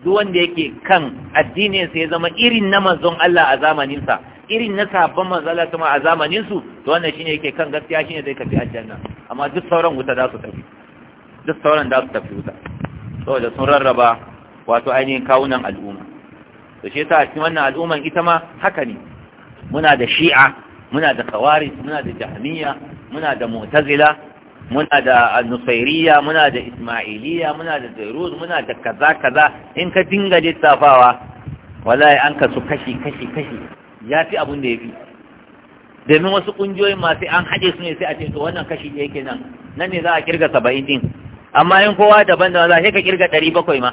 duk wanda yake kan addinin sa ya zama irin na manzon Allah a zamaninsa, irin na sahabban manzon Allah kuma a zamaninsu, to wannan shine yake kan gaskiya shine zai kafi aljanna amma duk sauran wuta za su tafi duk sauran da su tafi wuta saboda sun rarraba wato ainihin kawunan al'umma to shi yasa a cikin wannan al'umman ita ma haka ne muna da shi'a muna da kawari muna da jahmiya muna da mu'tazila muna da nusairiya muna da ismailiya muna da zairuz muna da kaza kaza in ka dinga lissafawa wallahi an kasu kashi kashi kashi ya fi abin da ya fi domin wasu ƙungiyoyin masu an haɗe su ne sai a ce to wannan kashi ɗaya kenan nan ne za a kirga saba'in din amma in kowa daban da za ka kirga ɗari bakwai ma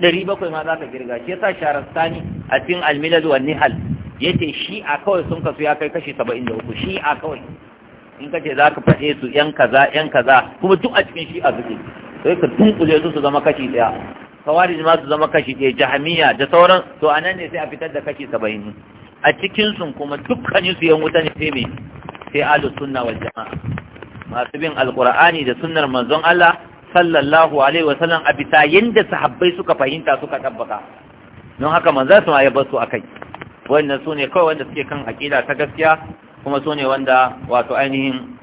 ɗari bakwai ma za ka kirga shi yasa sharastani a cikin almilal wa nihal Ya ce shi a kawai sun kasu ya kai kashi saba'in da uku shi a kawai in ka ce za ka faɗe su yan kaza yan kaza kuma duk a cikin shi a zuke sai ka tunkule su su zama kashi ɗaya kawari ma su zama kashi ɗaya jahamiya da sauran to a nan ne sai a fitar da kashi saba'in a cikin sun kuma dukkanin su yan wuta ne sai me sai alu sunna wal jama'a masu bin alqur'ani da sunnar manzon Allah sallallahu alaihi wasallam a bisa yadda sahabbai suka fahimta suka tabbata don haka manza su ma ya basu akai wannan sune kawai wanda suke kan aƙida ta gaskiya kuma sune wanda wato ainihin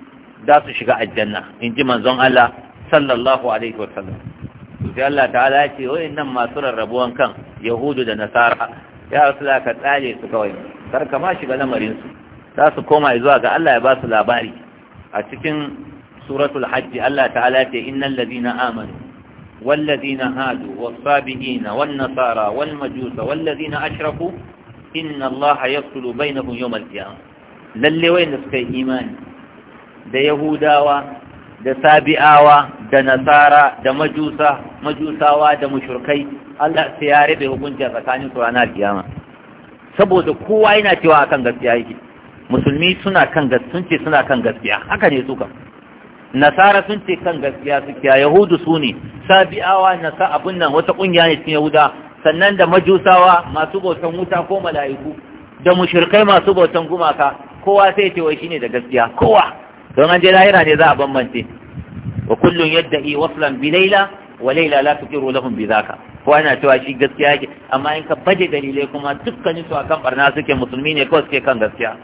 za su shiga aljanna inji ji manzon Allah sallallahu alaihi wasallam sai Allah ta'ala ya ce wayannan masu rarrabuwan kan yahudu da nasara ya rasu ka tsare su kawai kar ka ma shiga lamarin su za su koma zuwa ga Allah ya ba su labari a cikin suratul hajji Allah ta'ala ce innal ladina amanu wal ladina hadu was sabiina wan nasara wal majusa wal ladina ashraku inna Allah yafsulu bainahum yawm al-qiyamah lalle wayanda suka yi imani da yahudawa da sabi'awa da nasara da majusa majusawa da mushrikai Allah sai ya rabe hukuncin tsakanin su ranar kiyama saboda kowa yana cewa akan gaskiya yake musulmi suna kan gaskiya sun ce suna kan gaskiya haka ne suka nasara sun ce kan gaskiya suke yahudu su ne sabi'awa nasa abun nan wata kungiya ne cikin yahuda sannan da majusawa masu bautan wuta ko mala'iku da mushirkai masu bautan gumaka kowa sai ce wai shine da gaskiya kowa don an je lahira ne za a bambance wa kullun i waslan bi laila wa laila la tuqiru lahum bi zaka kowa yana cewa shi gaskiya yake amma in ka baje dalilai kuma dukkanin su akan barna suke musulmi ne kawai suke kan gaskiya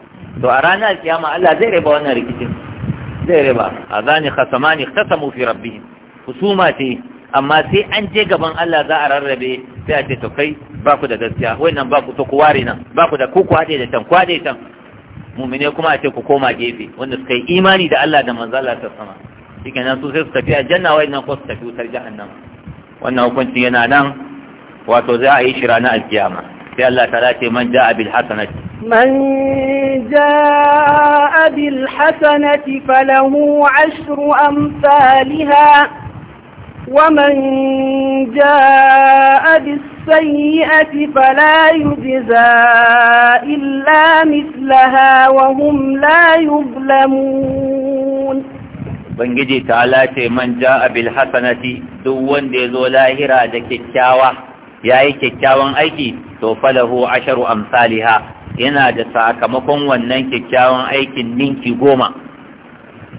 to a ranar kiyama Allah zai raba wannan rikicin sai riba azani khasamani khasamu fi rabbihim husuma ce amma sai an je gaban Allah za a rarrabe sai a ce to kai ba ku da gaskiya wannan ba ku to ku ware nan ba ku da ku ku haɗe da tan ku haɗe tan mumine kuma a ce ku koma gefe wanda suka yi imani da Allah da manzo Allah ta sama shikenan su sai su tafi aljanna nan ko su tafi wutar jahannama wannan hukunci yana nan wato za a yi shi ranar alkiyama في الله ثلاثة من جاء بالحسنة من جاء بالحسنة فله عشر أمثالها ومن جاء بالسيئة فلا يجزى إلا مثلها وهم لا يظلمون بنجي تعالى من جاء بالحسنة دون دي ظلاهرة دكتاوة ya yi kyakkyawan aiki to falahu asharu amsaliha yana da sakamakon wannan kyakkyawan aikin ninki goma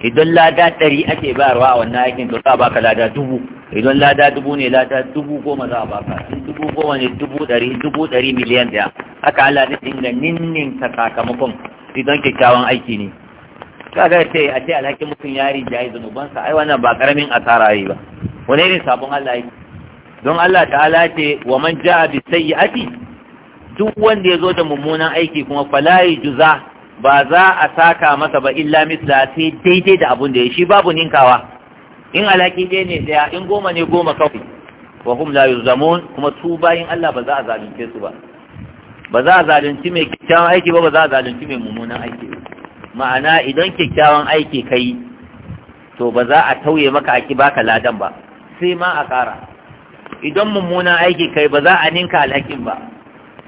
idan lada ɗari ake bayarwa a wannan aikin to za a baka lada dubu idan lada dubu ne lada dubu goma za a baka in dubu goma ne dubu ɗari dubu ɗari miliyan ɗaya haka Allah zai dinga ka sakamakon idan kyakkyawan aiki ne kaga ce a ce alhakin mutum ya jayi zanubansa ai wannan ba karamin asara yi ba wani irin sabon Allah yake don Allah ta'ala ce wa man ja'a bi sayyi'ati duk wanda yazo da mummunan aiki kuma fala juza ba za a saka masa ba illa misla sai daidai da abun da ya shi babu ninkawa in alaki ɗaya ne ɗaya in goma ne goma kawai wa hum la yuzamun kuma su bayin Allah ba za a zalunce su ba ba za a zalunci mai kyakkyawan aiki ba ba za a zalunci mai mummunan aiki ma'ana idan kyakkyawan aiki kai to ba za a tauye maka aki baka ladan ba sai ma a ƙara idan mummunan aiki kai ba za a ninka alhakin ba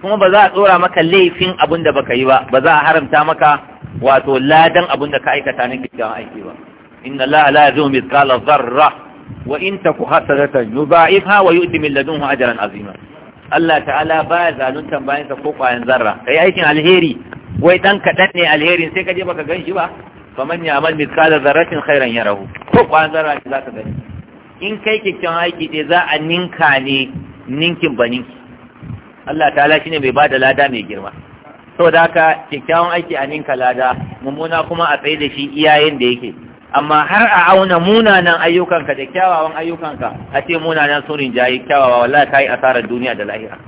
kuma ba za a tsora maka laifin abin da baka yi ba ba za a haramta maka wato ladan abin da ka aikata na kyakkyawan aiki ba inna la la yazu mithqala dharra wa in taku hasanatan yudha'ifha wa yu'ti min ladunhu ajran azima Allah ta'ala baya zaluntan bayan sa ko kwayan zarra kai aikin alheri wai dan kadan ne alherin sai ka je baka gan shi ba faman ya'mal mithqala dharratin khairan yarahu ko kwayan zarra za ka gani in kai kyakkyawan aiki ne za a ninka ne ninkin ba ninki Allah Ta shi ne mai bada lada mai girma Sau da haka kyakkyawan aiki a ninka lada mummuna kuma a tsaye da shi iyayen da yake amma har a auna munanan ayyukanka da kyawawan ayyukanka a ce munanan sun jayi kyawawa ka yi asarar duniya da lahira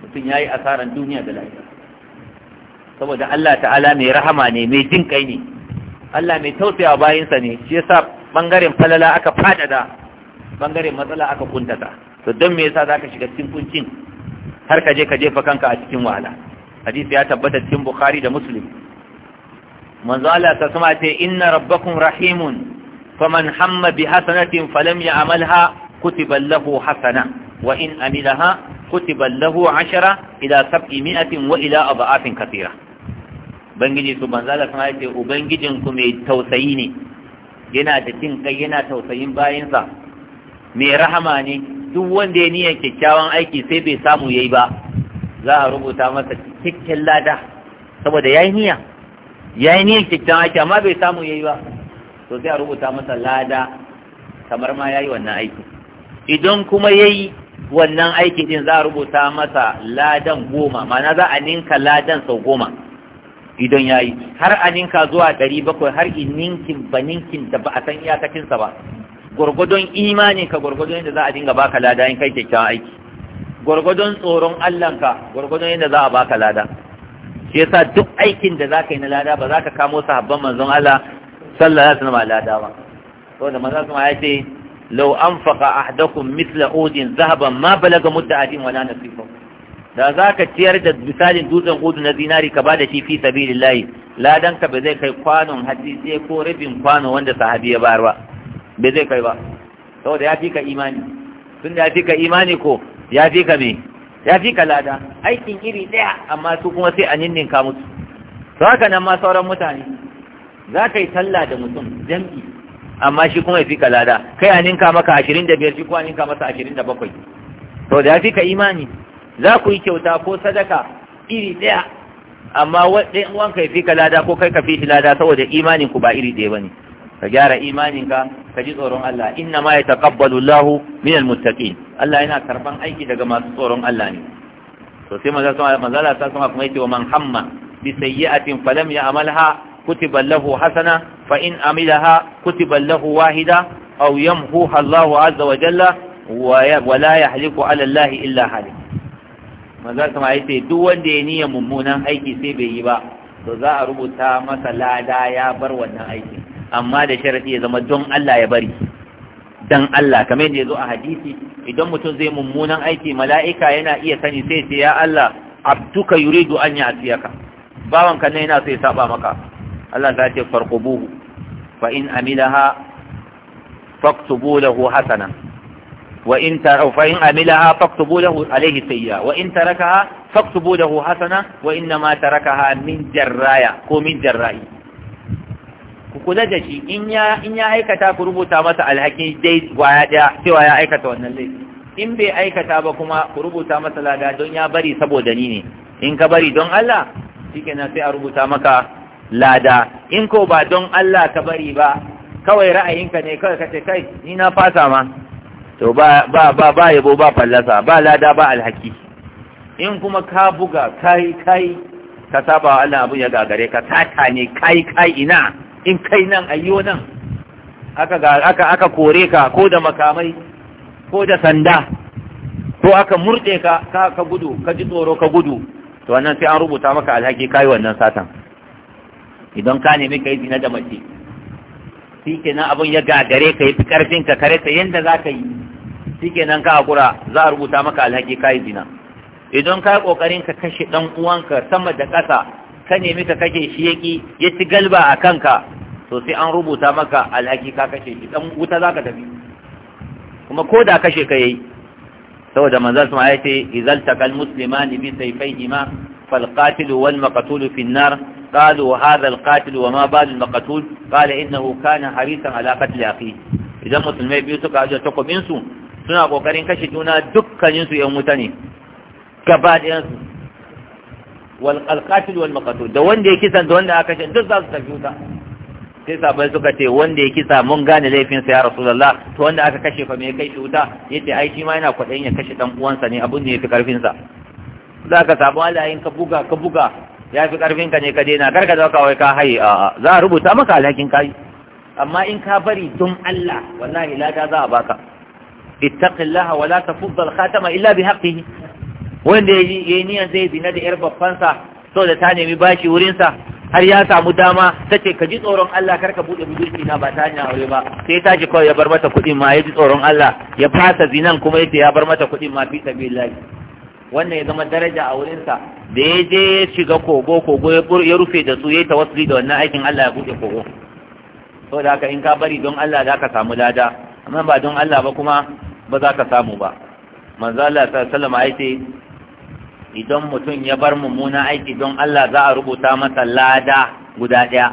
mutum ya yi asarar duniya da lahira saboda Allah ta'ala mai rahama ne mai jin kai ne Allah mai tausaya bayinsa ne shi yasa bangaren falala aka fadada bangaren matsala aka kuntata to don me yasa zaka shiga cikin kuncin har ka je ka jefa kanka a cikin wahala hadisi ya tabbata cikin bukhari da muslim manzo Allah ta sama ce inna rabbakum rahimun faman hamma bi hasanatin falam ya'malha kutiba lahu hasana wa in amilaha kutiba lahu ashara ila sab'i mi'atin wa ila adafin kathira bangiji su manzo Allah sama ce ubangijin ku mai tausayi ne yana da jin kai yana tausayin bayinsa mai rahama ne duk wanda ya niyan kyakkyawan aiki sai bai samu yayi ba za a rubuta masa cikakken lada saboda yayi niyya yayi niyan kyakkyawan aiki amma bai samu yayi ba to sai a rubuta masa lada kamar ma yayi wannan aiki idan kuma yayi wannan aiki din za a rubuta masa ladan goma ma'ana za a ninka ladan sau goma idan ya yi har a ninka zuwa ɗari bakwai har in ninkin ba ninkin da ba a san iyakacinsa ba gwargwadon imanin ka gwargwadon yadda za a dinga baka lada in kai kyakkyawan aiki gwargwadon tsoron Allah ka gwargwadon yadda za a baka lada shi yasa duk aikin da za ka yi na lada ba za ka kamo sahabban manzon Allah sallallahu alaihi wasallam lada ba da manzon Allah ya ce law anfaqa ahdakum mithla udin zahaban ma balaga mudda adin wala nasifa da za ka ciyar da misalin dutsen hudu na zinari ka bada shi fi sabilillahi ladan ka ba zai kai kwanon hadisi ko rabin kwano wanda sahabi ya bayar ba bai zai kai ba saboda ya fi ka imani tun da ya fi ka imani ko ya fi ka me ya fi ka lada aikin iri ɗaya amma su kuma sai a ka mutu to haka nan ma sauran mutane za ka yi sallah da mutum jam'i amma shi kuma ya fi ka lada kai a ninka maka ashirin da biyar shi kuma ninka masa ashirin da bakwai to da ya fi ka imani za ku yi kyauta ko sadaka iri ɗaya amma wanka ya fi ka lada ko kai ka fi shi lada saboda imanin ku ba iri ɗaya ba ne ka gyara imaninka ka ji tsoron Allah inna ma yataqabbalu Allahu minal muttaqin Allah yana karban aiki daga masu tsoron Allah ne to sai manzo manzala ta sama kuma yace wa man hamma bi sayyi'atin falam ya'malha kutiba lahu hasana fa in amilaha kutiba lahu wahida aw yamhuha Allahu azza wa jalla wa la yahliku ala Allah illa halik manzo sama yace duk wanda ya niyya mummunan aiki sai bai yi ba to za a rubuta masa lada ya bar wannan aikin amma da sharadi ya zama don Allah ya bari don Allah kamar yadda ya zo a hadisi idan mutum zai mummunan aiki mala'ika yana iya sani sai ce ya Allah abduka yuridu an ya'tiyaka bawan ka ne yana so ya saba maka Allah ta ce farko farqubuhu fa in amilaha faktubu lahu hasana wa in tarahu fa in amilaha faktubu lahu alayhi sayya wa in tarakaha faktubu lahu hasana wa inna ma tarakaha min jarraya ko min jarra'i ku kula da shi in ya aikata ku rubuta masa alhaki dai waya daya cewa ya aikata wannan laifi in bai aikata ba kuma ku rubuta masa lada don ya bari saboda ni ne in ka bari don Allah shikenan sai a rubuta maka lada in ko ba don Allah ka bari ba kawai ra'ayinka ne kawai ka ce kai ni na fasa ma to ba ba ba yabo ba fallasa ba lada ba alhaki in kuma ka buga kai kai ka saba Allah abun ya gagare ka tata ne kai kai ina in kai nan ayyo nan aka aka kore ka ko da makamai ko da sanda ko aka murde ka ka gudu ka ji tsoro ka gudu to wannan sai an rubuta maka alhaki kayi wannan satan idan ka nemi ka yi zina da mace shi kenan abin ya gagare ka yi fi karfin ka kare ta yadda za ka yi shi kenan ka hakura za a rubuta maka alhaki ka yi zina idan ka yi ƙoƙarin ka kashe ɗan uwanka sama da ƙasa ka nemi ka kashe shi ya ya ci galba a kanka to an rubuta maka alhakika kashe shi dan wuta zaka tafi kuma koda kashe ka yayi saboda manzon sama yace izal takal musliman bi sayfayhima fal qatil wal maqtul fi an-nar qalu hadha al qatil wa ma bal idan musulmai biyu suka aje ta kobin suna kokarin kashe juna dukkanin su yan wuta ne gaba ɗayan su wal qatil wal da wanda ya kisan da wanda aka kashe duk za tafi wuta sai sabai suka ce wanda ya kisa mun gane laifinsa ya rasulullah to wanda aka kashe fa me kai shi wuta yace ai shi ma yana kwaɗayin ya kashe dan uwansa ne abun ne yafi karfin sa za ka samu alayin ka buga ka buga ya fi karfin ka ne ka daina karka za ka wai ka haye a za a rubuta maka alhakin kai amma in ka bari don Allah wallahi lada za a baka ittaqillaha wa la tafudda al-khatama illa bi haqqihi wanda yayi niyan zai zina da yar babban sa so da ta nemi bashi wurin sa har ya samu dama ta ce ka ji tsoron Allah kar ka buɗe budurci na ba ta hanyar aure ba sai ta ji kawai ya bar mata kuɗin ma ya ji tsoron Allah ya fasa zinan kuma ya ce ya bar mata kuɗin ma fi lafi wannan ya zama daraja a wurinsa da ya je ya shiga kogo kogo ya rufe da su ya yi tawassuli da wannan aikin Allah ya buɗe kogo to da haka in ka bari don Allah za ka samu lada amma ba don Allah ba kuma ba za ka samu ba manzo Allah sallallahu alaihi wasallam idan mutum ya bar mummuna aiki don Allah za a rubuta masa lada guda ɗaya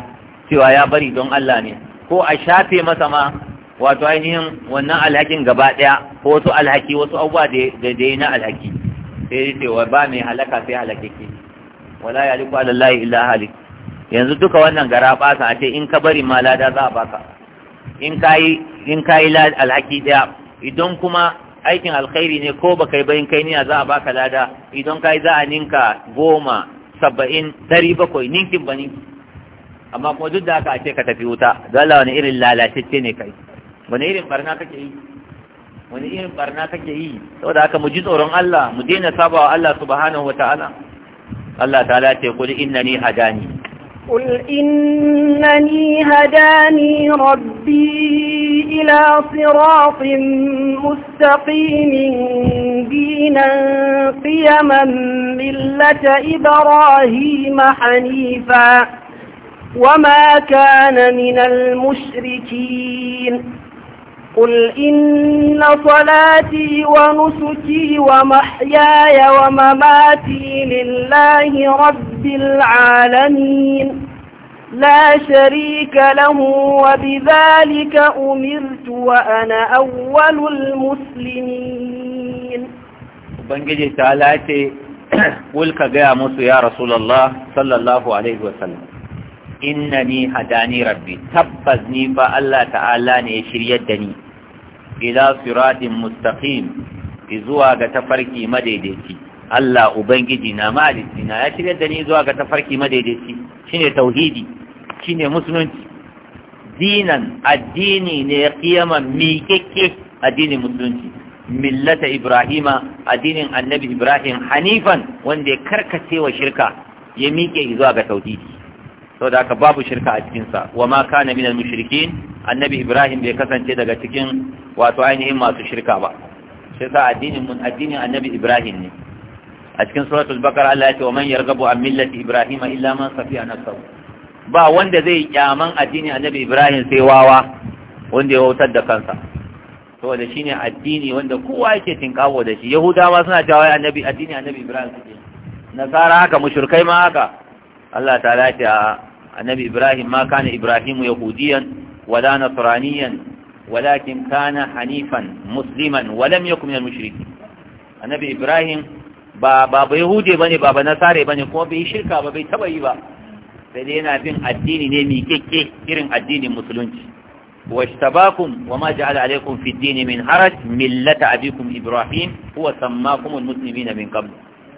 cewa ya bari don Allah ne ko a shafe masa ma wato ainihin wannan alhakin gaba ɗaya ko wasu alhaki wasu abubuwa da ya na alhaki sai ya ce wa ba mai halaka sai halakake wala ya liku alallahi illa halik yanzu duka wannan gara basa. a ce in ka bari ma lada za a baka in ka yi alhaki ɗaya idan kuma aikin alkhairi ne ko baka yi bayin kai niyya za a baka lada idan kai za a ninka goma saba'in dari bakwai ninkin ba ninki amma kuma duk da haka a ce ka tafi wuta dole wani irin lalacecce ne kai wani irin barna kake yi wani irin barna kake yi saboda haka mu ji tsoron Allah mu daina sabawa Allah subhanahu wataala Allah ta'ala ce kul innani hadani قل إنني هداني ربي إلى صراط مستقيم دينا قيما ملة إبراهيم حنيفا وما كان من المشركين قل إن صلاتي ونسكي ومحياي ومماتي لله رب العالمين لا شريك له وبذلك أمرت وأنا أول المسلمين بنجي تعالى قل كجاء موسى يا رسول الله صلى الله عليه وسلم innani hadani rabbi tabbas ni fa Allah ta'ala ne ya shiryar da ni ila siratin mustaqim zuwa ga tafarki madaidaici Allah ubangiji na malici na ya shirya da ni zuwa ga tafarki madaidaici shine tauhidi shine musulunci dinan addini ne kiyaman miƙeƙe addinin musulunci millata ibrahima addinin annabi ibrahim hanifan wanda ya karkace shirka ya miƙe zuwa ga tauhidi saboda aka babu shirka a cikinsa, sa wa ma kana minal mushrikin annabi ibrahim bai kasance daga cikin wato ainihin masu shirka ba sai sa addinin mun addinin annabi ibrahim ne a cikin suratul baqara Allah ya ce wa man yarghabu an millati ibrahim illa man safiya nafsahu ba wanda zai kyaman addinin annabi ibrahim sai wawa wanda ya wautar da kansa saboda shine addini wanda kowa yake tinkawo da shi yahudawa suna cewa annabi addini annabi ibrahim suke nasara haka mushrikai ma haka Allah ta lafiya annabi ibrahim ma kana ibrahim yahudiyan wala nasraniyan walakin kana hanifan musliman walam yakun minal mushrikin annabi ibrahim ba ba ba yahude bane ba ba nasare bane kuma bai yi shirka ba bai taba yi ba sai dai yana bin addini ne mi kekke irin addinin musulunci واشتباكم وما جعل عليكم في الدين من حرج ملة أبيكم إبراهيم هو سماكم المسلمين من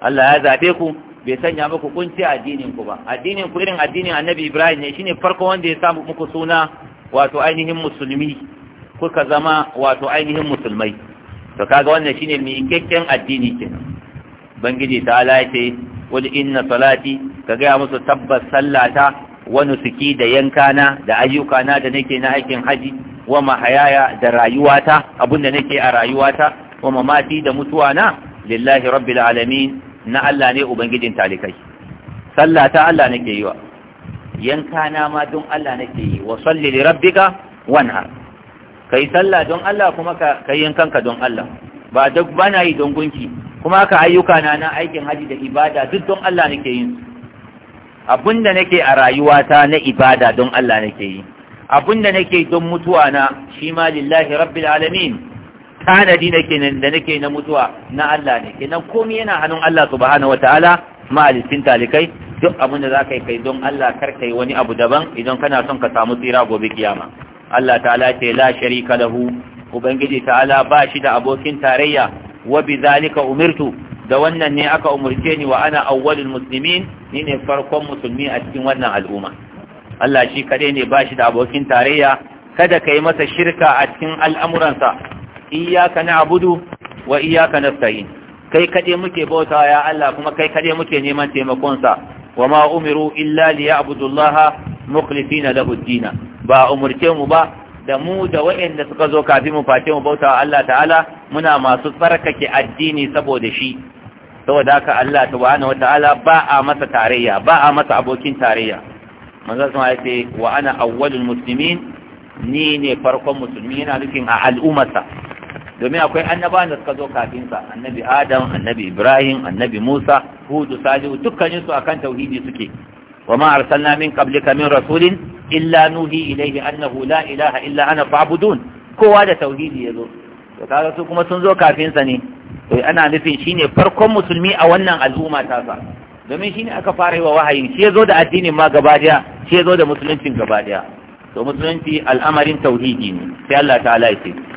Allah ya zafe ku? bai sanya muku kunci a addinin ku ba addinin ku irin addinin annabi ibrahim ne shine farko wanda ya samu muku suna wato ainihin musulmi kuka zama wato ainihin musulmai to kaga wannan shine miƙaƙƙen addini kenan bangiji ta ce wani inna salati ka gaya musu tabbas sallata wa nusuki da yankana da ayyukana da nake na aikin haji wa mahayaya da rayuwata abinda nake a rayuwata wa mamati da mutuwana lillahi rabbil alamin na Allah ne ubangijin talikai sallah ta Allah nake yi wa yanka na ma don Allah nake yi wa salli li rabbika Ka yi sallah don Allah kuma ka yi kanka don Allah ba duk bana yi don gunki kuma ka ayyuka na na aikin haji da ibada duk don Allah nake yin su da nake a rayuwata na ibada don Allah nake yi da nake don mutuwa na shi ma lillahi rabbil alamin tanadi na nan da nake na mutuwa na Allah ne kenan komai yana hannun Allah subhanahu wataala ma'alifin talikai duk abin da zaka yi kai don Allah kar kai wani abu daban idan kana son ka samu tsira gobe kiyama Allah ta'ala ce la sharika lahu ubangiji ta'ala ba shi da abokin tarayya wa bizalika umirtu da wannan ne aka umurce ni wa ana awwalul muslimin ni ne farkon musulmi a cikin wannan al'umma Allah shi kadai ne ba shi da abokin tarayya kada ka yi masa shirka a cikin al'amuransa iyyaka na'budu wa iyyaka nasta'in kai kaɗai muke bauta ya Allah kuma kai kaɗai muke neman taimakonsa wa ma umiru illa liya'budullaha mukhlisina lahu ad ba umurce mu ba da mu da wayanda suka zo kafin mu face mu bauta Allah ta'ala muna masu tsarkake addini saboda shi saboda haka Allah subhanahu wata'ala ba a masa tarayya ba a masa abokin tarayya manzon sun ce wa ana awwalul muslimin ni ne farkon musulmi yana nufin a al'ummarsa domin akwai annabawan da suka zo kafinsa, annabi adam annabi ibrahim annabi musa hudu salihu dukkanin su akan tauhidi suke wa ma arsalna min qablika min rasulin illa nuhi ilayhi annahu la ilaha illa ana fa'budun kowa da tauhidi yazo to kaga su kuma sun zo kafinsa ne to ana nufin shine farkon musulmi a wannan al'umma ta sa domin shine aka fara yi wa wahayi shi yazo da addinin ma gaba daya shi yazo da musuluncin gaba daya to musulunci al'amarin tauhidi ne sai Allah ta'ala ya ce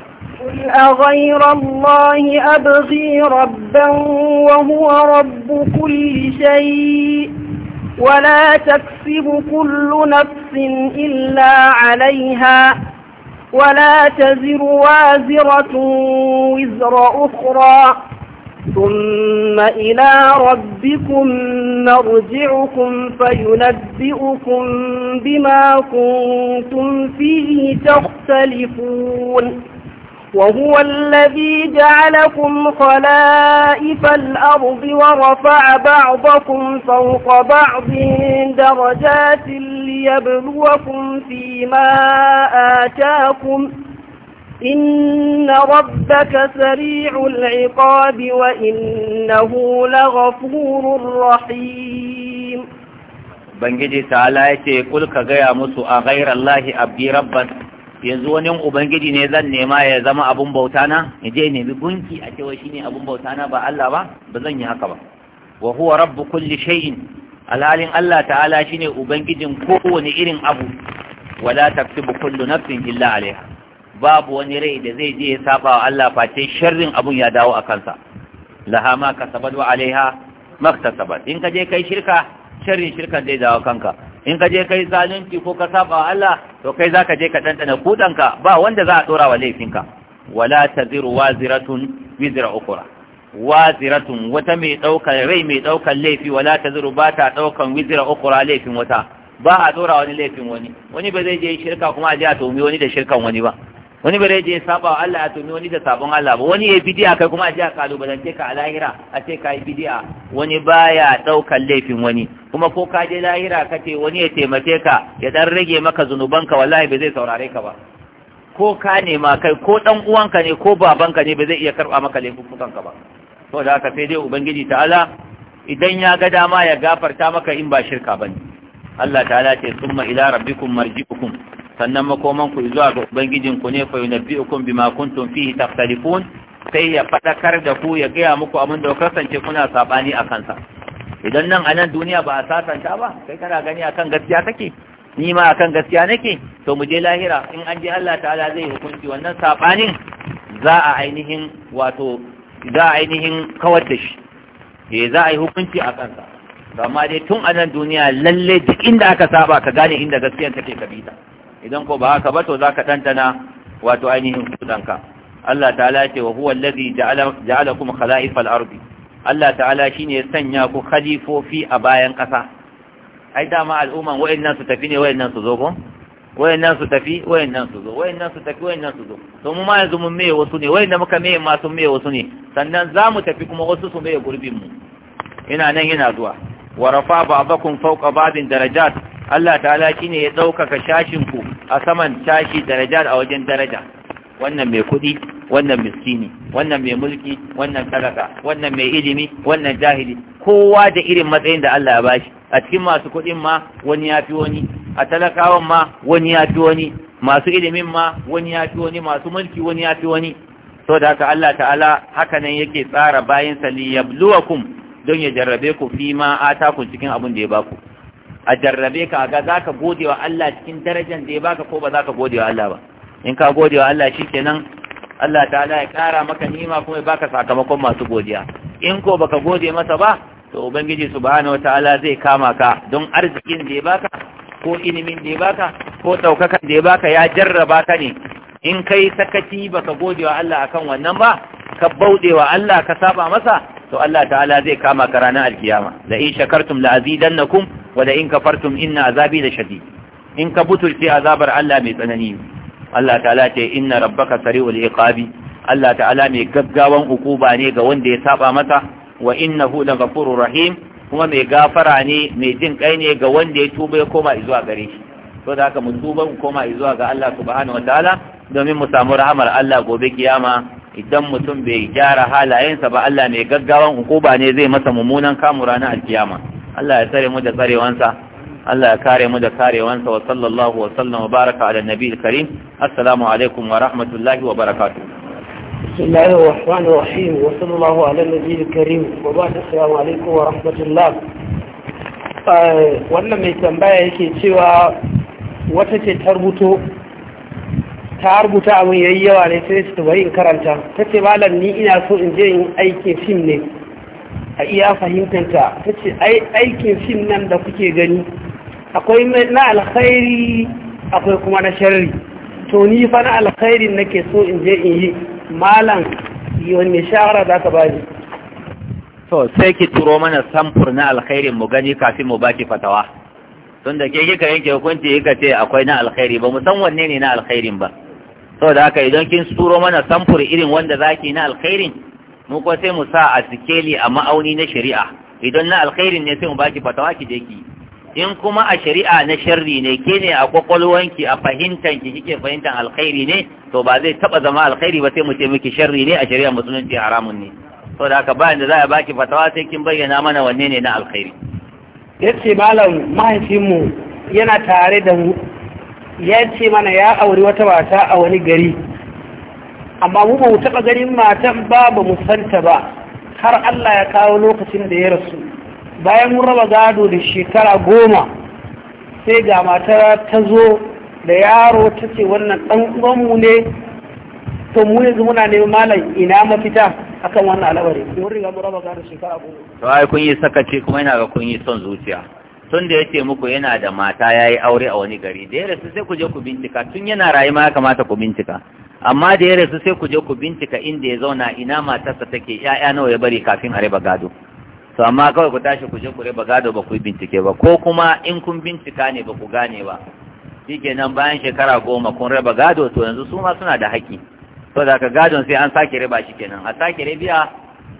قل أغير الله أبغي ربا وهو رب كل شيء ولا تكسب كل نفس إلا عليها ولا تزر وازرة وزر أخرى ثم إلى ربكم مرجعكم فينبئكم بما كنتم فيه تختلفون وهو الذي جعلكم خلائف الأرض ورفع بعضكم فوق بعض درجات ليبلوكم فيما آتاكم إن ربك سريع العقاب وإنه لغفور رحيم بنجي تعالى يقول كغير مسو أغير الله أبدي ربك yanzu wani ubangiji ne zan nema ya zama abun bauta na ya je nemi gunki a cewa shine abun bauta na ba Allah ba ba zan yi haka ba wa huwa rabbu kulli shay'in alhalin Allah ta'ala shine ubangijin kowane irin abu wala taktubu kullu nafsin illa alaiha babu wani rai da zai je ya saba wa Allah face sharrin abun ya dawo a kansa laha ma kasabat wa alaiha maktasabat in ka je kai shirka sharrin shirkan zai dawo kanka in ka je kai zalunci ko ka saba Allah to kai zaka je ka dandana kudanka ba wanda za a dora wa laifinka wala taziru waziratun wizra ukra waziratun wata mai daukan rai mai ɗaukar laifi wala taziru ba ta daukan wizra ukra laifin wata ba a dora wani laifin wani wani ba zai je shirka kuma a je a tomi wani da shirkan wani ba wani bare je saba wa Allah a tumi wani da sabon Allah ba wani yayi bid'a kai kuma a ji a kalubalance ka a lahira a ce ka yi bid'a wani baya daukan laifin wani kuma ko ka je lahira ka ce wani ya taimake ka ya dan rage maka zunubanka wallahi ba zai saurare ka ba ko ka nema kai ko dan uwanka ne ko babanka ne ba zai iya karba maka laifukanka ba saboda haka sai dai ubangiji ta'ala idan ya ga dama ya gafarta maka in ba shirka bane Allah ta'ala ce summa ila rabbikum marji'ukum sannan makoman ku zuwa ga ubangijin ku ne fa yunabbi'ukum bima kuntum fihi takhtalifun sai ya fadakar da ku ya gaya muku abin da kasance kuna sabani a kansa idan nan a nan duniya ba a sasanta ba kai kana gani akan gaskiya take. ni ma akan gaskiya nake to mu je lahira in an je Allah ta'ala zai hukunci wannan sabanin za a ainihin wato za a ainihin kawar da shi eh za a yi hukunci a kansa amma dai tun a nan duniya lalle duk inda aka saba ka gane inda gaskiyan take kabita idan ko ba haka ba to zaka dantana wato ainihin kudanka Allah ta'ala ce wa huwa allazi ja'alakum khala'ifal ardi Allah ta'ala shine ya sanya ku khalifofi a bayan kasa ai dama al'umman wayannan su tafi ne wayannan su zo ko wayannan su tafi wayannan su zo wayannan su tafi wayannan su zo to mu ma yanzu mun meye wasu ne wayanda muka meye ma sun meye wasu ne sannan za mu tafi kuma wasu su meye gurbin mu ina nan yana zuwa wa rafa ba'dakum fawqa ba'din darajat Allah ta'ala shine ya ɗaukaka shashin ku a saman tashi darajat a wajen daraja wannan mai kuɗi wannan miskini wannan mai mulki wannan talaka wannan mai ilimi wannan jahili kowa da irin matsayin da Allah ya bashi a cikin masu kuɗin ma wani ya fi wani a talakawan ma wani ya fi wani masu ilimin ma wani ya fi wani masu mulki wani ya fi wani to da haka Allah ta'ala haka nan yake tsara bayan sali yabluwakum don ya jarrabe ku fi ma a takun cikin abin da ya baku a jarrabe ka ga za ka gode wa Allah cikin darajar da ya baka ko ba za ka gode wa Allah ba in ka gode wa Allah shi kenan Allah ta'ala ya kara maka nima kuma ya baka sakamakon masu godiya in ko baka gode masa ba to ubangiji subhanahu wataala zai kama ka don arzikin da ya baka ko ilimin da ya baka ko daukakan da ya baka ya jarraba ka ne in kai sakaci baka gode wa Allah akan wannan ba ka bauɗe wa Allah ka saba masa to Allah ta'ala zai kama ka ranar alkiyama Da in shakartum dan azidannakum wa la in kafartum inna azabi da shadid in ka sai azabar Allah mai tsanani Allah ta'ala ce inna rabbaka sari'ul iqabi Allah ta'ala mai gaggawan ukuba ne ga wanda ya saba masa wa innahu la rahim kuma mai gafara ne mai jin kai ne ga wanda ya tuba ya koma zuwa gare shi to da haka mu tuba mu koma zuwa ga Allah subhanahu wa ta'ala domin mu samu rahamar Allah gobe kiyama idan mutum bai gyara halayensa ba Allah mai gaggawan hukuma ne zai masa mummunan kamura na alkiyama Allah ya tsare mu da tsarewansa Allah ya kare mu da karewansa wa sallallahu wa sallam wa baraka ala nabiyil karim assalamu alaikum wa rahmatullahi wa barakatuh بسم الله الرحمن wa وصلى الله على النبي الكريم وبعد السلام عليكم ورحمة الله wannan mai tambaya yake cewa wata ce ta rubuto ta rubuta abin yayi yawa ne sai ta bari in karanta ta ce malam ni ina so in je in aikin fim ne a iya fahimtanta ta ce aikin fim nan da kuke gani akwai na alkhairi akwai kuma na sharri to ni fa na alkhairi nake so in je in yi malam mai shawara za ka bani to sai ki turo mana samfur na alkhairin mu gani kafin mu baki fatawa tunda ke kika yanke hukunci kika ce akwai na alkhairi ba mu san wanne ne na alkhairin ba saboda haka idan kin turo mana samfur irin wanda zaki na alkhairin mu ko sai mu sa a sikeli a ma'auni na shari'a idan na alkhairin ne sai mu baki fatawa ki deki in kuma a shari'a na sharri ne ke ne a kwakwalwanki a ki kike fahimtan alkhairi ne to ba zai taba zama alkhairi ba sai mu ce miki sharri ne a shari'a musulunci haramun ne to da haka bayan da za a baki fatawa sai kin bayyana mana wanne ne na alkhairi yace malam mahaifinmu yana tare da mu ya ce mana ya auri wata mata a wani gari amma mu ba mu taɓa ganin matan ba ba mu santa ba har Allah ya kawo lokacin da ya rasu bayan mun raba gado da shekara goma sai ga mata ta zo da yaro ta ce wannan ɗan uwanmu ne to mu yanzu muna neman malam ina mafita akan wannan al'amari mun riga mun raba gado shekara goma to ai kun yi sakaci kuma ina ga kun yi son zuciya tun da yake muku yana da mata ya yi aure a wani gari da ya rasu sai ku je ku bincika tun yana rayuwa ya kamata ku bincika amma da ya rasu sai ku je ku bincika inda ya zauna ina matarsa take ya'ya nawa ya bari kafin a raba gado to amma kawai ku tashi ku je ku raba gado ba ku yi bincike ba ko kuma in kun bincika ne ba ku gane ba shikenan bayan shekara goma kun raba gado to yanzu su ma suna da haƙƙi to da ka gadon sai an sake raba shi kenan a sake rabiya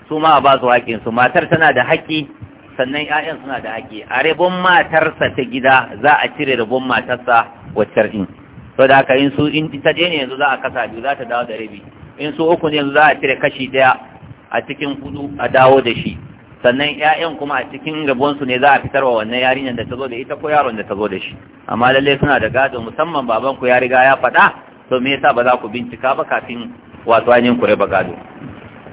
su ma a ba su haƙƙinsu matar tana da haƙƙi sannan 'ya'yan suna da haƙƙi a rabon matarsa ta gida za a cire rabon matarsa waccar in to da haka in su in ta je ne yanzu za a kasa biyu za ta dawo da rabi in su uku ne yanzu za a cire kashi ɗaya a cikin kudu a dawo da shi sannan 'ya'yan kuma a cikin rabonsu ne za a fitar wa wannan yarinyar da ta zo da ita ko yaron da ta zo da shi amma lallai suna da gado musamman baban ku ya riga ya faɗa to me yasa ba za ku bincika ba kafin wato ainihin ku raba gado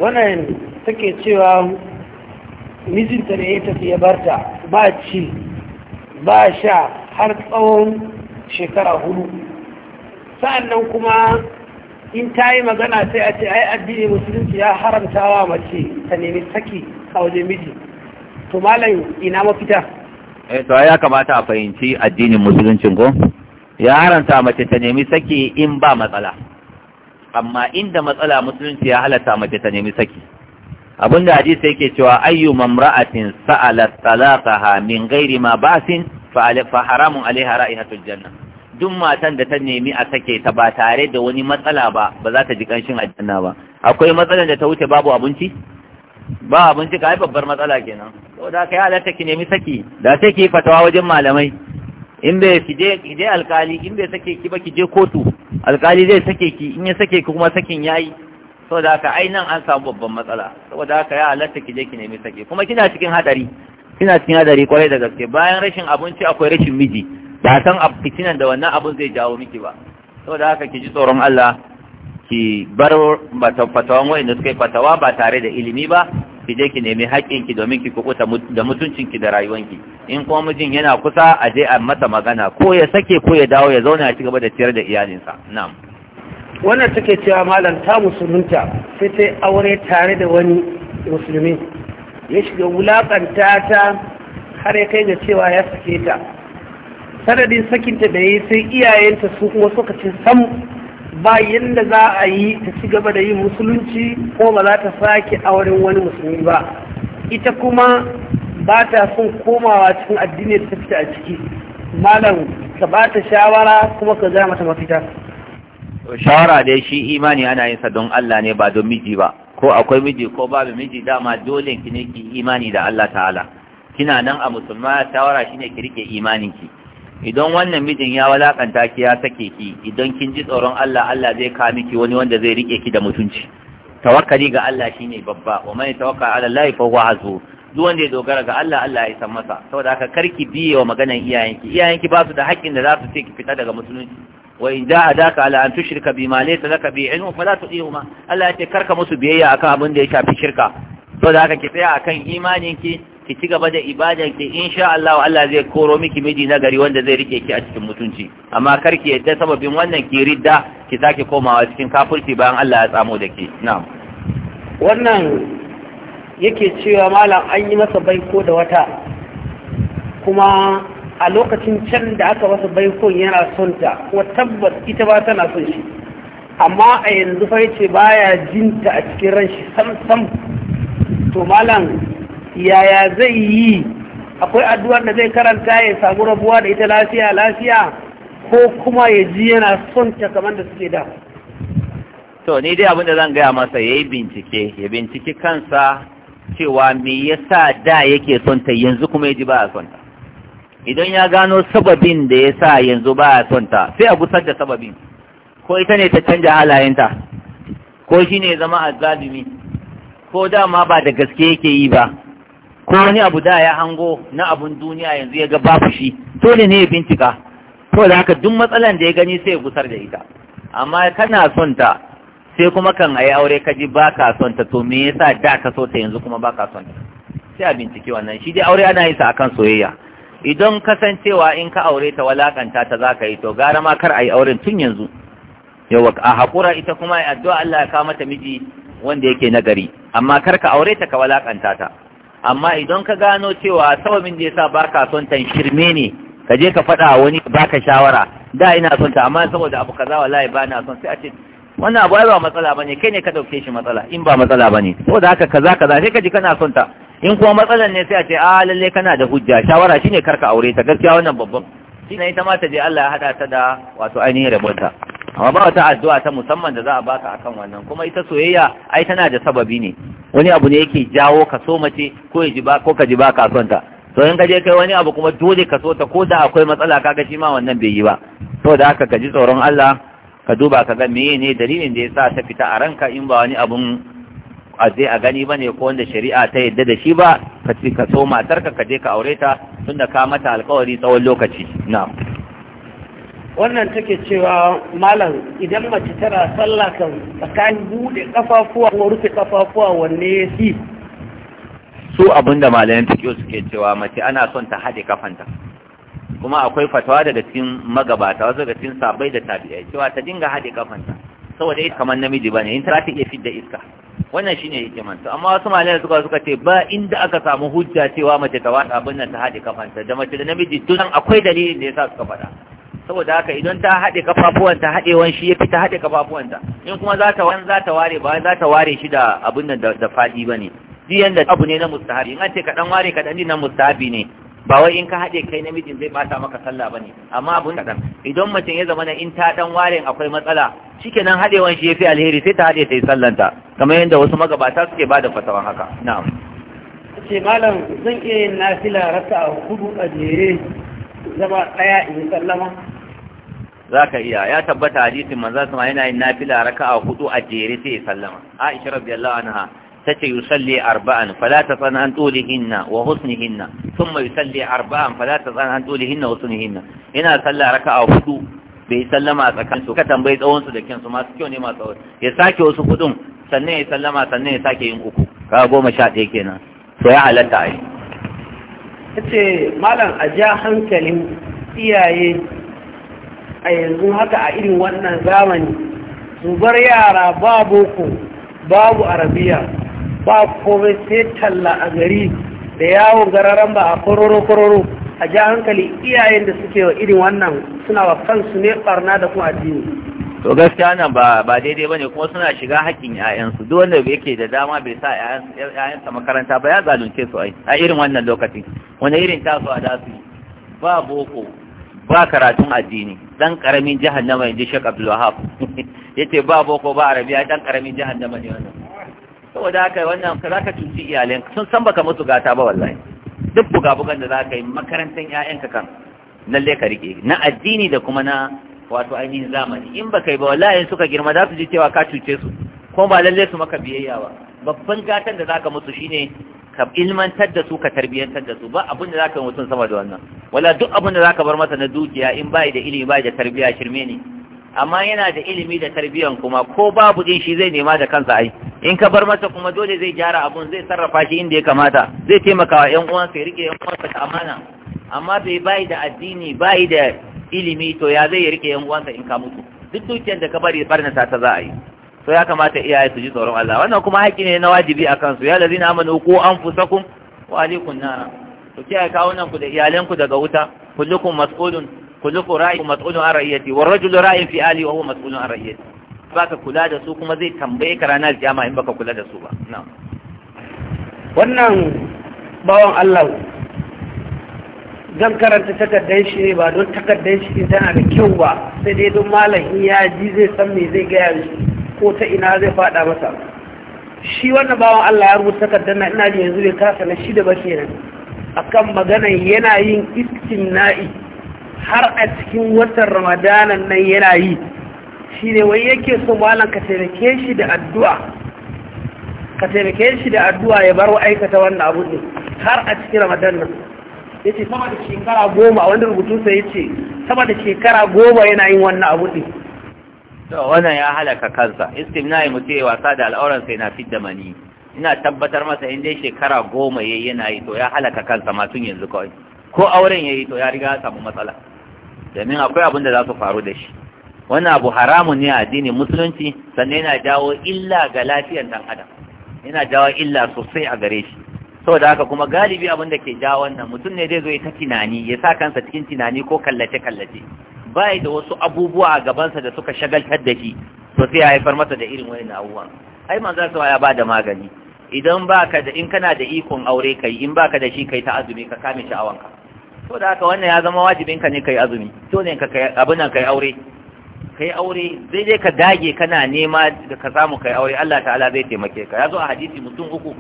wannan take cewa mijinta ne ya tafi ya barta ba ci ba sha har tsawon shekara hudu sa'annan kuma in ta yi magana sai a ce ai addini musulunci ya haramta wa mace ta nemi saki a waje miji to malam ina mafita eh to ya kamata a fahimci addinin musulunci, ko ya haramta mace ta nemi saki in ba matsala amma inda matsala musulunci ya halatta mace ta nemi saki abinda hadisi yake cewa ayyu mamra'atin sa'alat talaqaha min ghairi ma ba'sin fa haramun alaiha ra'ihatul janna duk matan da ta nemi a sake ta ba tare da wani matsala ba ba za ta ji kanshin aljanna ba akwai matsalan da ta wuce babu abinci ba abinci ka babbar matsala kenan To da kai halatta ki nemi saki da sai ki fatawa wajen malamai in bai fije je alkali in bai sake ki ba ki je kotu alkali zai sake ki in ya sake ki kuma sakin yayi saboda haka ai nan an samu babban matsala saboda haka ya halatta ki je ki nemi sake kuma kina cikin hadari kina cikin hadari kwarai da gaske bayan rashin abinci akwai rashin miji ba san fitinan da wannan abun zai jawo miki ba saboda haka ki ji tsoron Allah ki bar fatawan wa'inda suka yi fatawa ba tare da ilimi ba ki je ki nemi haƙƙinki domin ki kukuta da ki da ki. in kuma mijin yana kusa a je a masa magana ko ya sake ko ya dawo ya zauna ya ci gaba da ciyar da iyalinsa na'am wannan take cewa malam ta musulunta sai ta aure tare da wani musulmi ya shiga wulakanta ta har ya kai ga cewa ya sake ta sanadin sakinta da ya yi sai iyayenta su kuma suka ce sam ba yadda za a yi ta ci gaba da yin musulunci ko ba za ta sake auren wani musulmi ba ita kuma ba ta son komawa cikin addini da ta fita a ciki malam ka ba ta shawara kuma ka gaya mata mafita shawara dai shi imani ana yin sa don Allah ne ba don miji ba ko akwai miji ko babu miji dama dole ki ne ki imani da Allah ta'ala kina nan a musulma shawara shine ki rike imanin ki idan wannan mijin ya walakanta ki ya sake ki idan kin ji tsoron Allah Allah zai kawo miki wani wanda zai rike ki da mutunci tawakkali ga Allah shine babba wa man tawakkala ala Allah fa huwa hasbuh duk wanda ya dogara ga Allah Allah ya san masa saboda haka karki biye wa maganar iyayenki iyayenki ba su da haƙƙin da za su ce ki fita daga musulunci wa in ka ala an tushrika bima laysa laka bi ilmun fala tu'ihuma Allah ya ce karka musu biyayya akan abin da ya shafi shirka to da haka ki tsaya akan imaninki ki ci gaba da ibadanki insha Allah Allah zai koro miki miji na gari wanda zai rike ki a cikin mutunci amma kar ki yadda sababin wannan ki ridda ki zaki komawa cikin kafirci bayan Allah ya tsamo da ki na'am wannan yake cewa malam an yi masa ko da wata kuma a lokacin can da aka wasu baikon yana son ta ko tabbas ita ba tana son shi amma a yanzu fa yace baya jinta a cikin ran shi sam sam to malam yaya zai yi akwai addu'ar da zai karanta ya samu rabuwa da ita lafiya lafiya ko kuma ya ji yana son ta kamar da suke da to ni dai abin da zan gaya masa yayi bincike ya binciki kansa cewa me yasa da yake son ta yanzu kuma ya ji ba a son ta idan ya gano sababin da ya sa yanzu ba ya son ta sai a gusar da sababin ko ita ne ta canja halayenta ko shi ne zama azzalimi ko dama ba da gaske yake yi ba ko wani abu da ya hango na abun duniya yanzu ya ga babu shi dole ne ya bincika to da haka duk matsalan da ya gani sai ya gusar da ita amma kana son ta sai kuma kan ayi aure ka ji ba ka son ta to me yasa da ka so ta yanzu kuma ba ka son ta sai a binciki wannan shi dai aure ana yin sa akan soyayya idan kasancewa in ka aure ta walakanta ta za ka yi to gara ma kar a yi auren tun yanzu yawa a haƙura ita kuma ya addu'a Allah ya kawo mata miji wanda yake nagari amma kar ka aure ta ka walakanta ta amma idan ka gano cewa sababin da yasa baka son tan shirme ne ka je ka faɗa wani baka shawara da ina son ta amma saboda abu kaza wallahi ba na son sai a ce wannan abu ba matsala bane kai ne ka dauke shi matsala in ba matsala bane saboda haka kaza kaza sai ka ji kana son ta in kuma matsalar ne sai a ce a ah, lalle kana da hujja shawara shine karka aure ta gaskiya wannan babban shi ne ita ma ta je Allah ya hada ta da wato ainihin rabonta amma ba wata addu'a ta musamman da za a baka akan wannan kuma ita soyayya ai tana da sababi ne wani abu ne yake jawo ka so mace ko ya ji ba ko ka ji ba ka son ta to in ka je kai wani abu kuma dole ka so ta ko da akwai matsala kaga shi ma wannan bai yi ba da haka ka ji tsoron Allah ka duba ka ga meye ne dalilin da ya sa ta fita a ranka in ba wani abun a je a gani bane ko wanda shari'a ta yadda da shi ba ka ci ka so matarka ka je ka aure ta tunda ka mata alkawari tsawon lokaci na. wannan take cewa malam idan mace tana sallah kan tsakanin bude kafafuwa ko rufe kafafuwa wanne ya fi su abinda malayan fiƙo suke cewa mace ana son ta haɗe kafanta kuma akwai fatawa daga cikin magabata wasu daga cikin sabai da tabi'ai cewa ta dinga haɗe kafanta saboda ita kamar namiji ba ne, in ta iya fidda iska wannan shi ne hikiman to amma wasu malayar suka suka ce ba inda aka samu hujja cewa mace ta wata abin nan ta haɗe kafanta da mace da namiji tunan akwai dalilin da ya sa suka faɗa saboda haka idan ta haɗe kafafuwanta haɗewan shi ya fi ta haɗe kafafuwanta. in kuma za ta wani za ta ware ba za ta ware shi da abin nan da faɗi ba ne. duk yanda abu ne na mustahabi in an ce kaɗan ware kaɗan ne na mustahabi ne ba wai in ka haɗe kai namijin zai ɓata maka sallah ba ne, amma abun kadan idan mace ya zama in ta ɗan ware akwai matsala cike haɗe haɗewan shi fi alheri sai ta haɗe ta yi sallanta kamar yadda wasu magabata suke da fatawan haka na'am ce malam zan iya yin nafila rasa hudu a jere zama ɗaya in sallama Za ka iya ya tabbata hadisin su sama yana yin nafila a hudu a jere sai ya sallama Aisha allah anha tace yusalli arba'an fala tasan an tulihinna wa husnihinna thumma yusalli arba'an fala tasan an tulihinna wa husnihinna yana sallah a hudu bai sallama a tsakanin su ka tambayi tsawonsu da kyan masu kyau ne masu tsawon ya sake wasu kudin sannan ya sallama sannan ya sake yin uku ka goma sha ɗaya kenan to ya halatta a yi ce malam a ja hankalin iyaye a yanzu haka a irin wannan zamani zubar yara babu ku babu arabiya ba kome sai talla a gari da yawon gararan ba a kororo-kororo a ji hankali iyayen da suke wa irin wannan suna wa kansu ne barna da kuma addini to gaskiya nan ba ba daidai bane kuma suna shiga haƙƙin 'ya'yansu, duk wanda yake da dama bai sa 'ya'yansa makaranta ba ya zalunce su ai a irin wannan lokacin wani irin taso a dasu ba boko ba karatun addini dan karamin jahannama inji Sheikh Abdul Wahab yace ba boko ba arabiya dan karamin jahannama ne wannan saboda haka wannan ka zaka cuci iyalen sun san baka musu gata ba wallahi duk buga bugabugan da zaka yi makarantar ka kan lalle ka rike na addini da kuma na wato ainihin zamani in baka yi ba wallahi suka girma za su ji cewa ka cuce su ko ba lalle su maka biyayya ba babban gatan da zaka musu shine ka ilmantar da su ka tarbiyyantar da su ba abin da zaka mutum sama da wannan wala duk abun da zaka bar masa na dukiya in bai da ilimi bai da tarbiyya shirme ne amma yana da ilimi da tarbiyyan kuma ko babu din shi zai nema da kansa ai in ka bar masa kuma dole zai gyara abun zai sarrafa shi inda ya kamata zai taimaka wa ƴan uwansa ya rike ƴan uwansa ta amana amma bai bai da addini bai da ilimi to ya zai rike ƴan uwansa in ka mutu duk dukiyar da ka bari na ta za a yi to ya kamata iyaye su ji tsoron Allah wannan kuma haƙƙi ne na wajibi a kansu ya na amanu ku anfusakum wa alaikum nara ku kiyaye kawunan ku da iyalanku daga wuta kullukum mas'ulun kullukum ra'in mas'ulun an rayyati wa rajulu ra'in fi ali wa huwa mas'ulun an rayyati baka kula da su kuma zai tambaye ka ranar kiyama in baka kula da su ba na'am wannan bawan Allah zan karanta takardar shi ba don takardar shi tana da kyau ba sai dai don malami ya ji zai san me zai gaya shi ko ta ina zai faɗa masa shi wannan bawan Allah ya rubuta takardar na ina ji yanzu bai kasa na shi da ba kenan akan magana yana yin istimna'i har a cikin watan ramadanan nan yana yi shi ne wai yake so malam ka taimake shi da addu'a ka taimake shi da addu'a ya bar aikata wannan abu ne har a cikin ramadan nan ya ce sama da shekara goma a wanda sai ya ce sama da shekara goma yana yin wannan abu ne to wannan ya halaka kansa istimnai yi ya wasa da al'auransa yana fit da mani ina tabbatar masa in dai shekara goma yayi yana yi to ya halaka kansa ma tun yanzu kawai ko auren ya yi to ya riga ya samu matsala domin akwai abin da za su faru da shi wannan abu haramun ne a addinin musulunci sannan yana jawo illa ga lafiyar dan adam yana jawo illa sosai a gare shi saboda haka kuma galibi abin da ke jawo wannan mutum ne zai zo ya ta tunani ya sa kansa cikin tunani ko kallace kallace bai da wasu abubuwa a gabansa da suka shagaltar da shi to sai ya haifar masa da irin wani abubuwan ai manzo sa ya bada magani idan baka da in kana da ikon aure kai in baka da shi kai ta azumi ka kame sha'awanka so da haka wannan ya zama wajibin ka ne kai azumi to ne ka kai abin nan kai aure kai aure zai je ka dage kana nema da ka samu kai aure Allah ta'ala zai taimake ka ya zo a hadisi mutum uku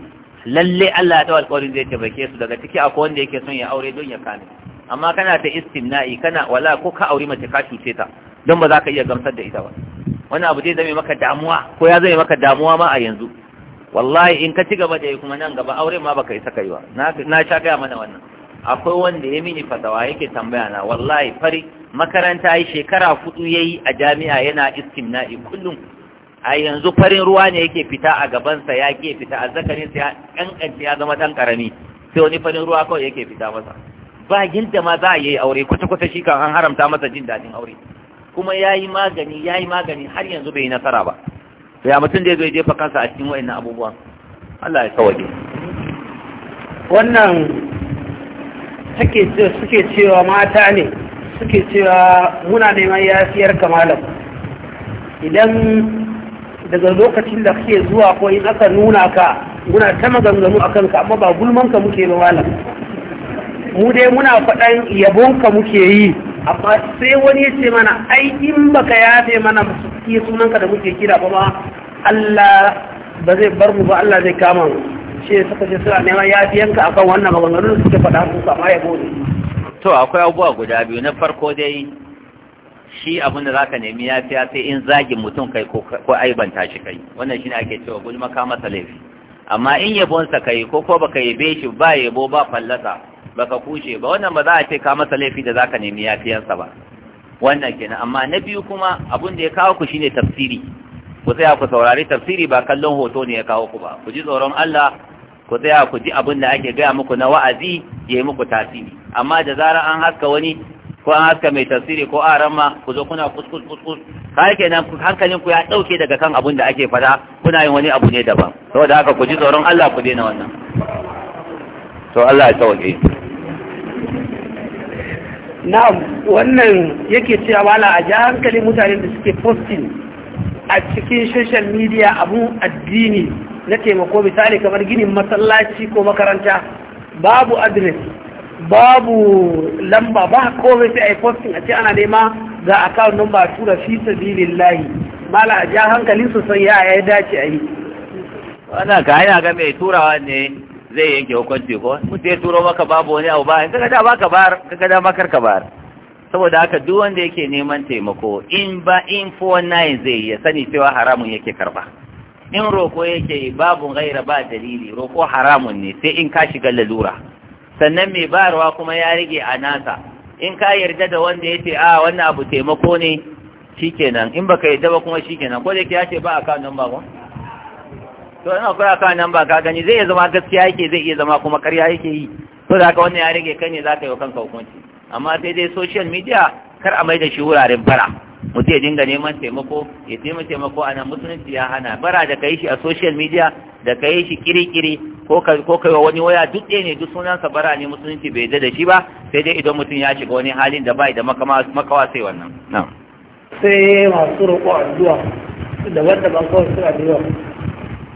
lalle Allah ya alƙawarin zai taimake su daga ciki akwai wanda yake son ya aure don ya kame amma kana ta istimna'i kana wala ko ka aure mace ka cuce ta don ba za ka iya gamsar da ita ba wani abu zai zame maka damuwa ko ya zame maka damuwa ma a yanzu wallahi in ka ci gaba da yi kuma nan gaba aure ma baka isa kai ba na sha gaya mana wannan akwai wanda ya mini fatawa yake tambaya na wallahi fari makaranta yi shekara hudu yayi a jami'a yana iskin istimna'i kullum a yanzu farin ruwa ne yake fita a gabansa ya ke fita a zakarin sa kankance ya zama dan karami sai wani farin ruwa kawai yake fita masa ba ginta ma za a yi aure kwata kwata shi kan an haramta masa jin daɗin aure kuma yayi magani yayi magani har yanzu bai yi nasara ba ya mutum da ya jefa kansa a cikin wa'annan abubuwan Allah ya kawaje wannan suke cewa mata ne suke cewa muna neman yafiyarka kamalan idan daga lokacin da kake zuwa ko in aka nuna ka muna ta maganganu a kanka amma ba gulmanka muke ba malam mu dai muna faɗan yabonka muke yi amma sai wani ya ce mana ai in baka yafe mana suke sunanka da muke kira ba ma Allah ba zai bar mu ba Allah zai kama mu ce suka ce suna neman yanka akan wannan maganganun suke faɗa su sama ya gode to akwai abubuwa guda biyu na farko dai shi abin da zaka nemi yafiya sai in zagin mutum kai ko aibanta shi kai wannan shine ake cewa gulma ka masa laifi amma in yabonsa kai ko ko baka yabe shi ba yabo ba fallasa baka kushe ba wannan ba za a ce ka masa laifi da zaka nemi yafiyansa ba wannan kenan amma na biyu kuma abin da ya kawo ku shine tafsiri ku tsaya ku saurari tafsiri ba kallon hoto ne ya kawo ku ba ku ji tsoron Allah ku tsaya ku ji abin da ake gaya muku na wa'azi ya yi muku tasiri amma da zarar an haska wani ko an haska mai tasiri ko a ramma ku zo kuna kuskus kuskus har nan hankalin ku ya ɗauke daga kan abin da ake fada kuna yin wani abu ne daban saboda haka ku ji tsoron Allah ku daina wannan to Allah ya tsawaje na'am wannan yake cewa wala a ji hankalin mutanen da suke posting a cikin social media abun addini na taimako misali kamar ginin masallaci ko makaranta babu adres babu lamba ba komai sai a yi posting a ce ana nema ga account number a tura fi sabilillahi mala a ja hankali sosai ya ya dace a yi wannan ka hanya ga mai turawa ne zai yanke hukunci ko mutum ya turo maka babu wani abu ba in kaga da baka bar kaga da makar ka bar saboda haka duk wanda yake neman taimako in ba in 419 zai ya sani cewa haramun yake karba in roko yake babu gaira ba dalili roko haramun ne sai in ka shiga lalura sannan mai bayarwa kuma ya rage a nasa in ka yarda da wanda ya ce a wannan abu taimako ne shikenan in baka yarda ba kuma shikenan ko da ya ce ba account nan ba to kura akwai nan ba ka gani zai zama gaskiya yake zai iya zama kuma ƙarya yake yi to da haka wannan ya rage kai ne za ka yi wa kanka hukunci amma sai dai social media kar a mai da shi wuraren bara mutum ya dinga neman taimako ya taimaka taimako ana musulunci ya hana bara da ka yi shi a social media da ka yi shi kirikiri ko kai wa wani waya duk ɗaya ne duk sunansa bara ne musulunci bai da shi ba sai dai idan mutum ya shiga wani halin da bai da makawa sai wannan sai masu roƙo addu'a da wanda ban kawai suna da yawa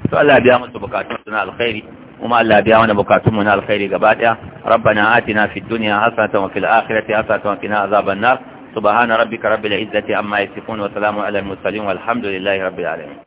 to Allah biya musu bukatun suna alkhairi kuma Allah biya wani bukatun mu na alkhairi gaba daya rabbana atina fid dunya hasanatan wa fil akhirati hasanatan wa qina azaban nar سبحان ربك رب العزة عما يسفون وسلام على المرسلين والحمد لله رب العالمين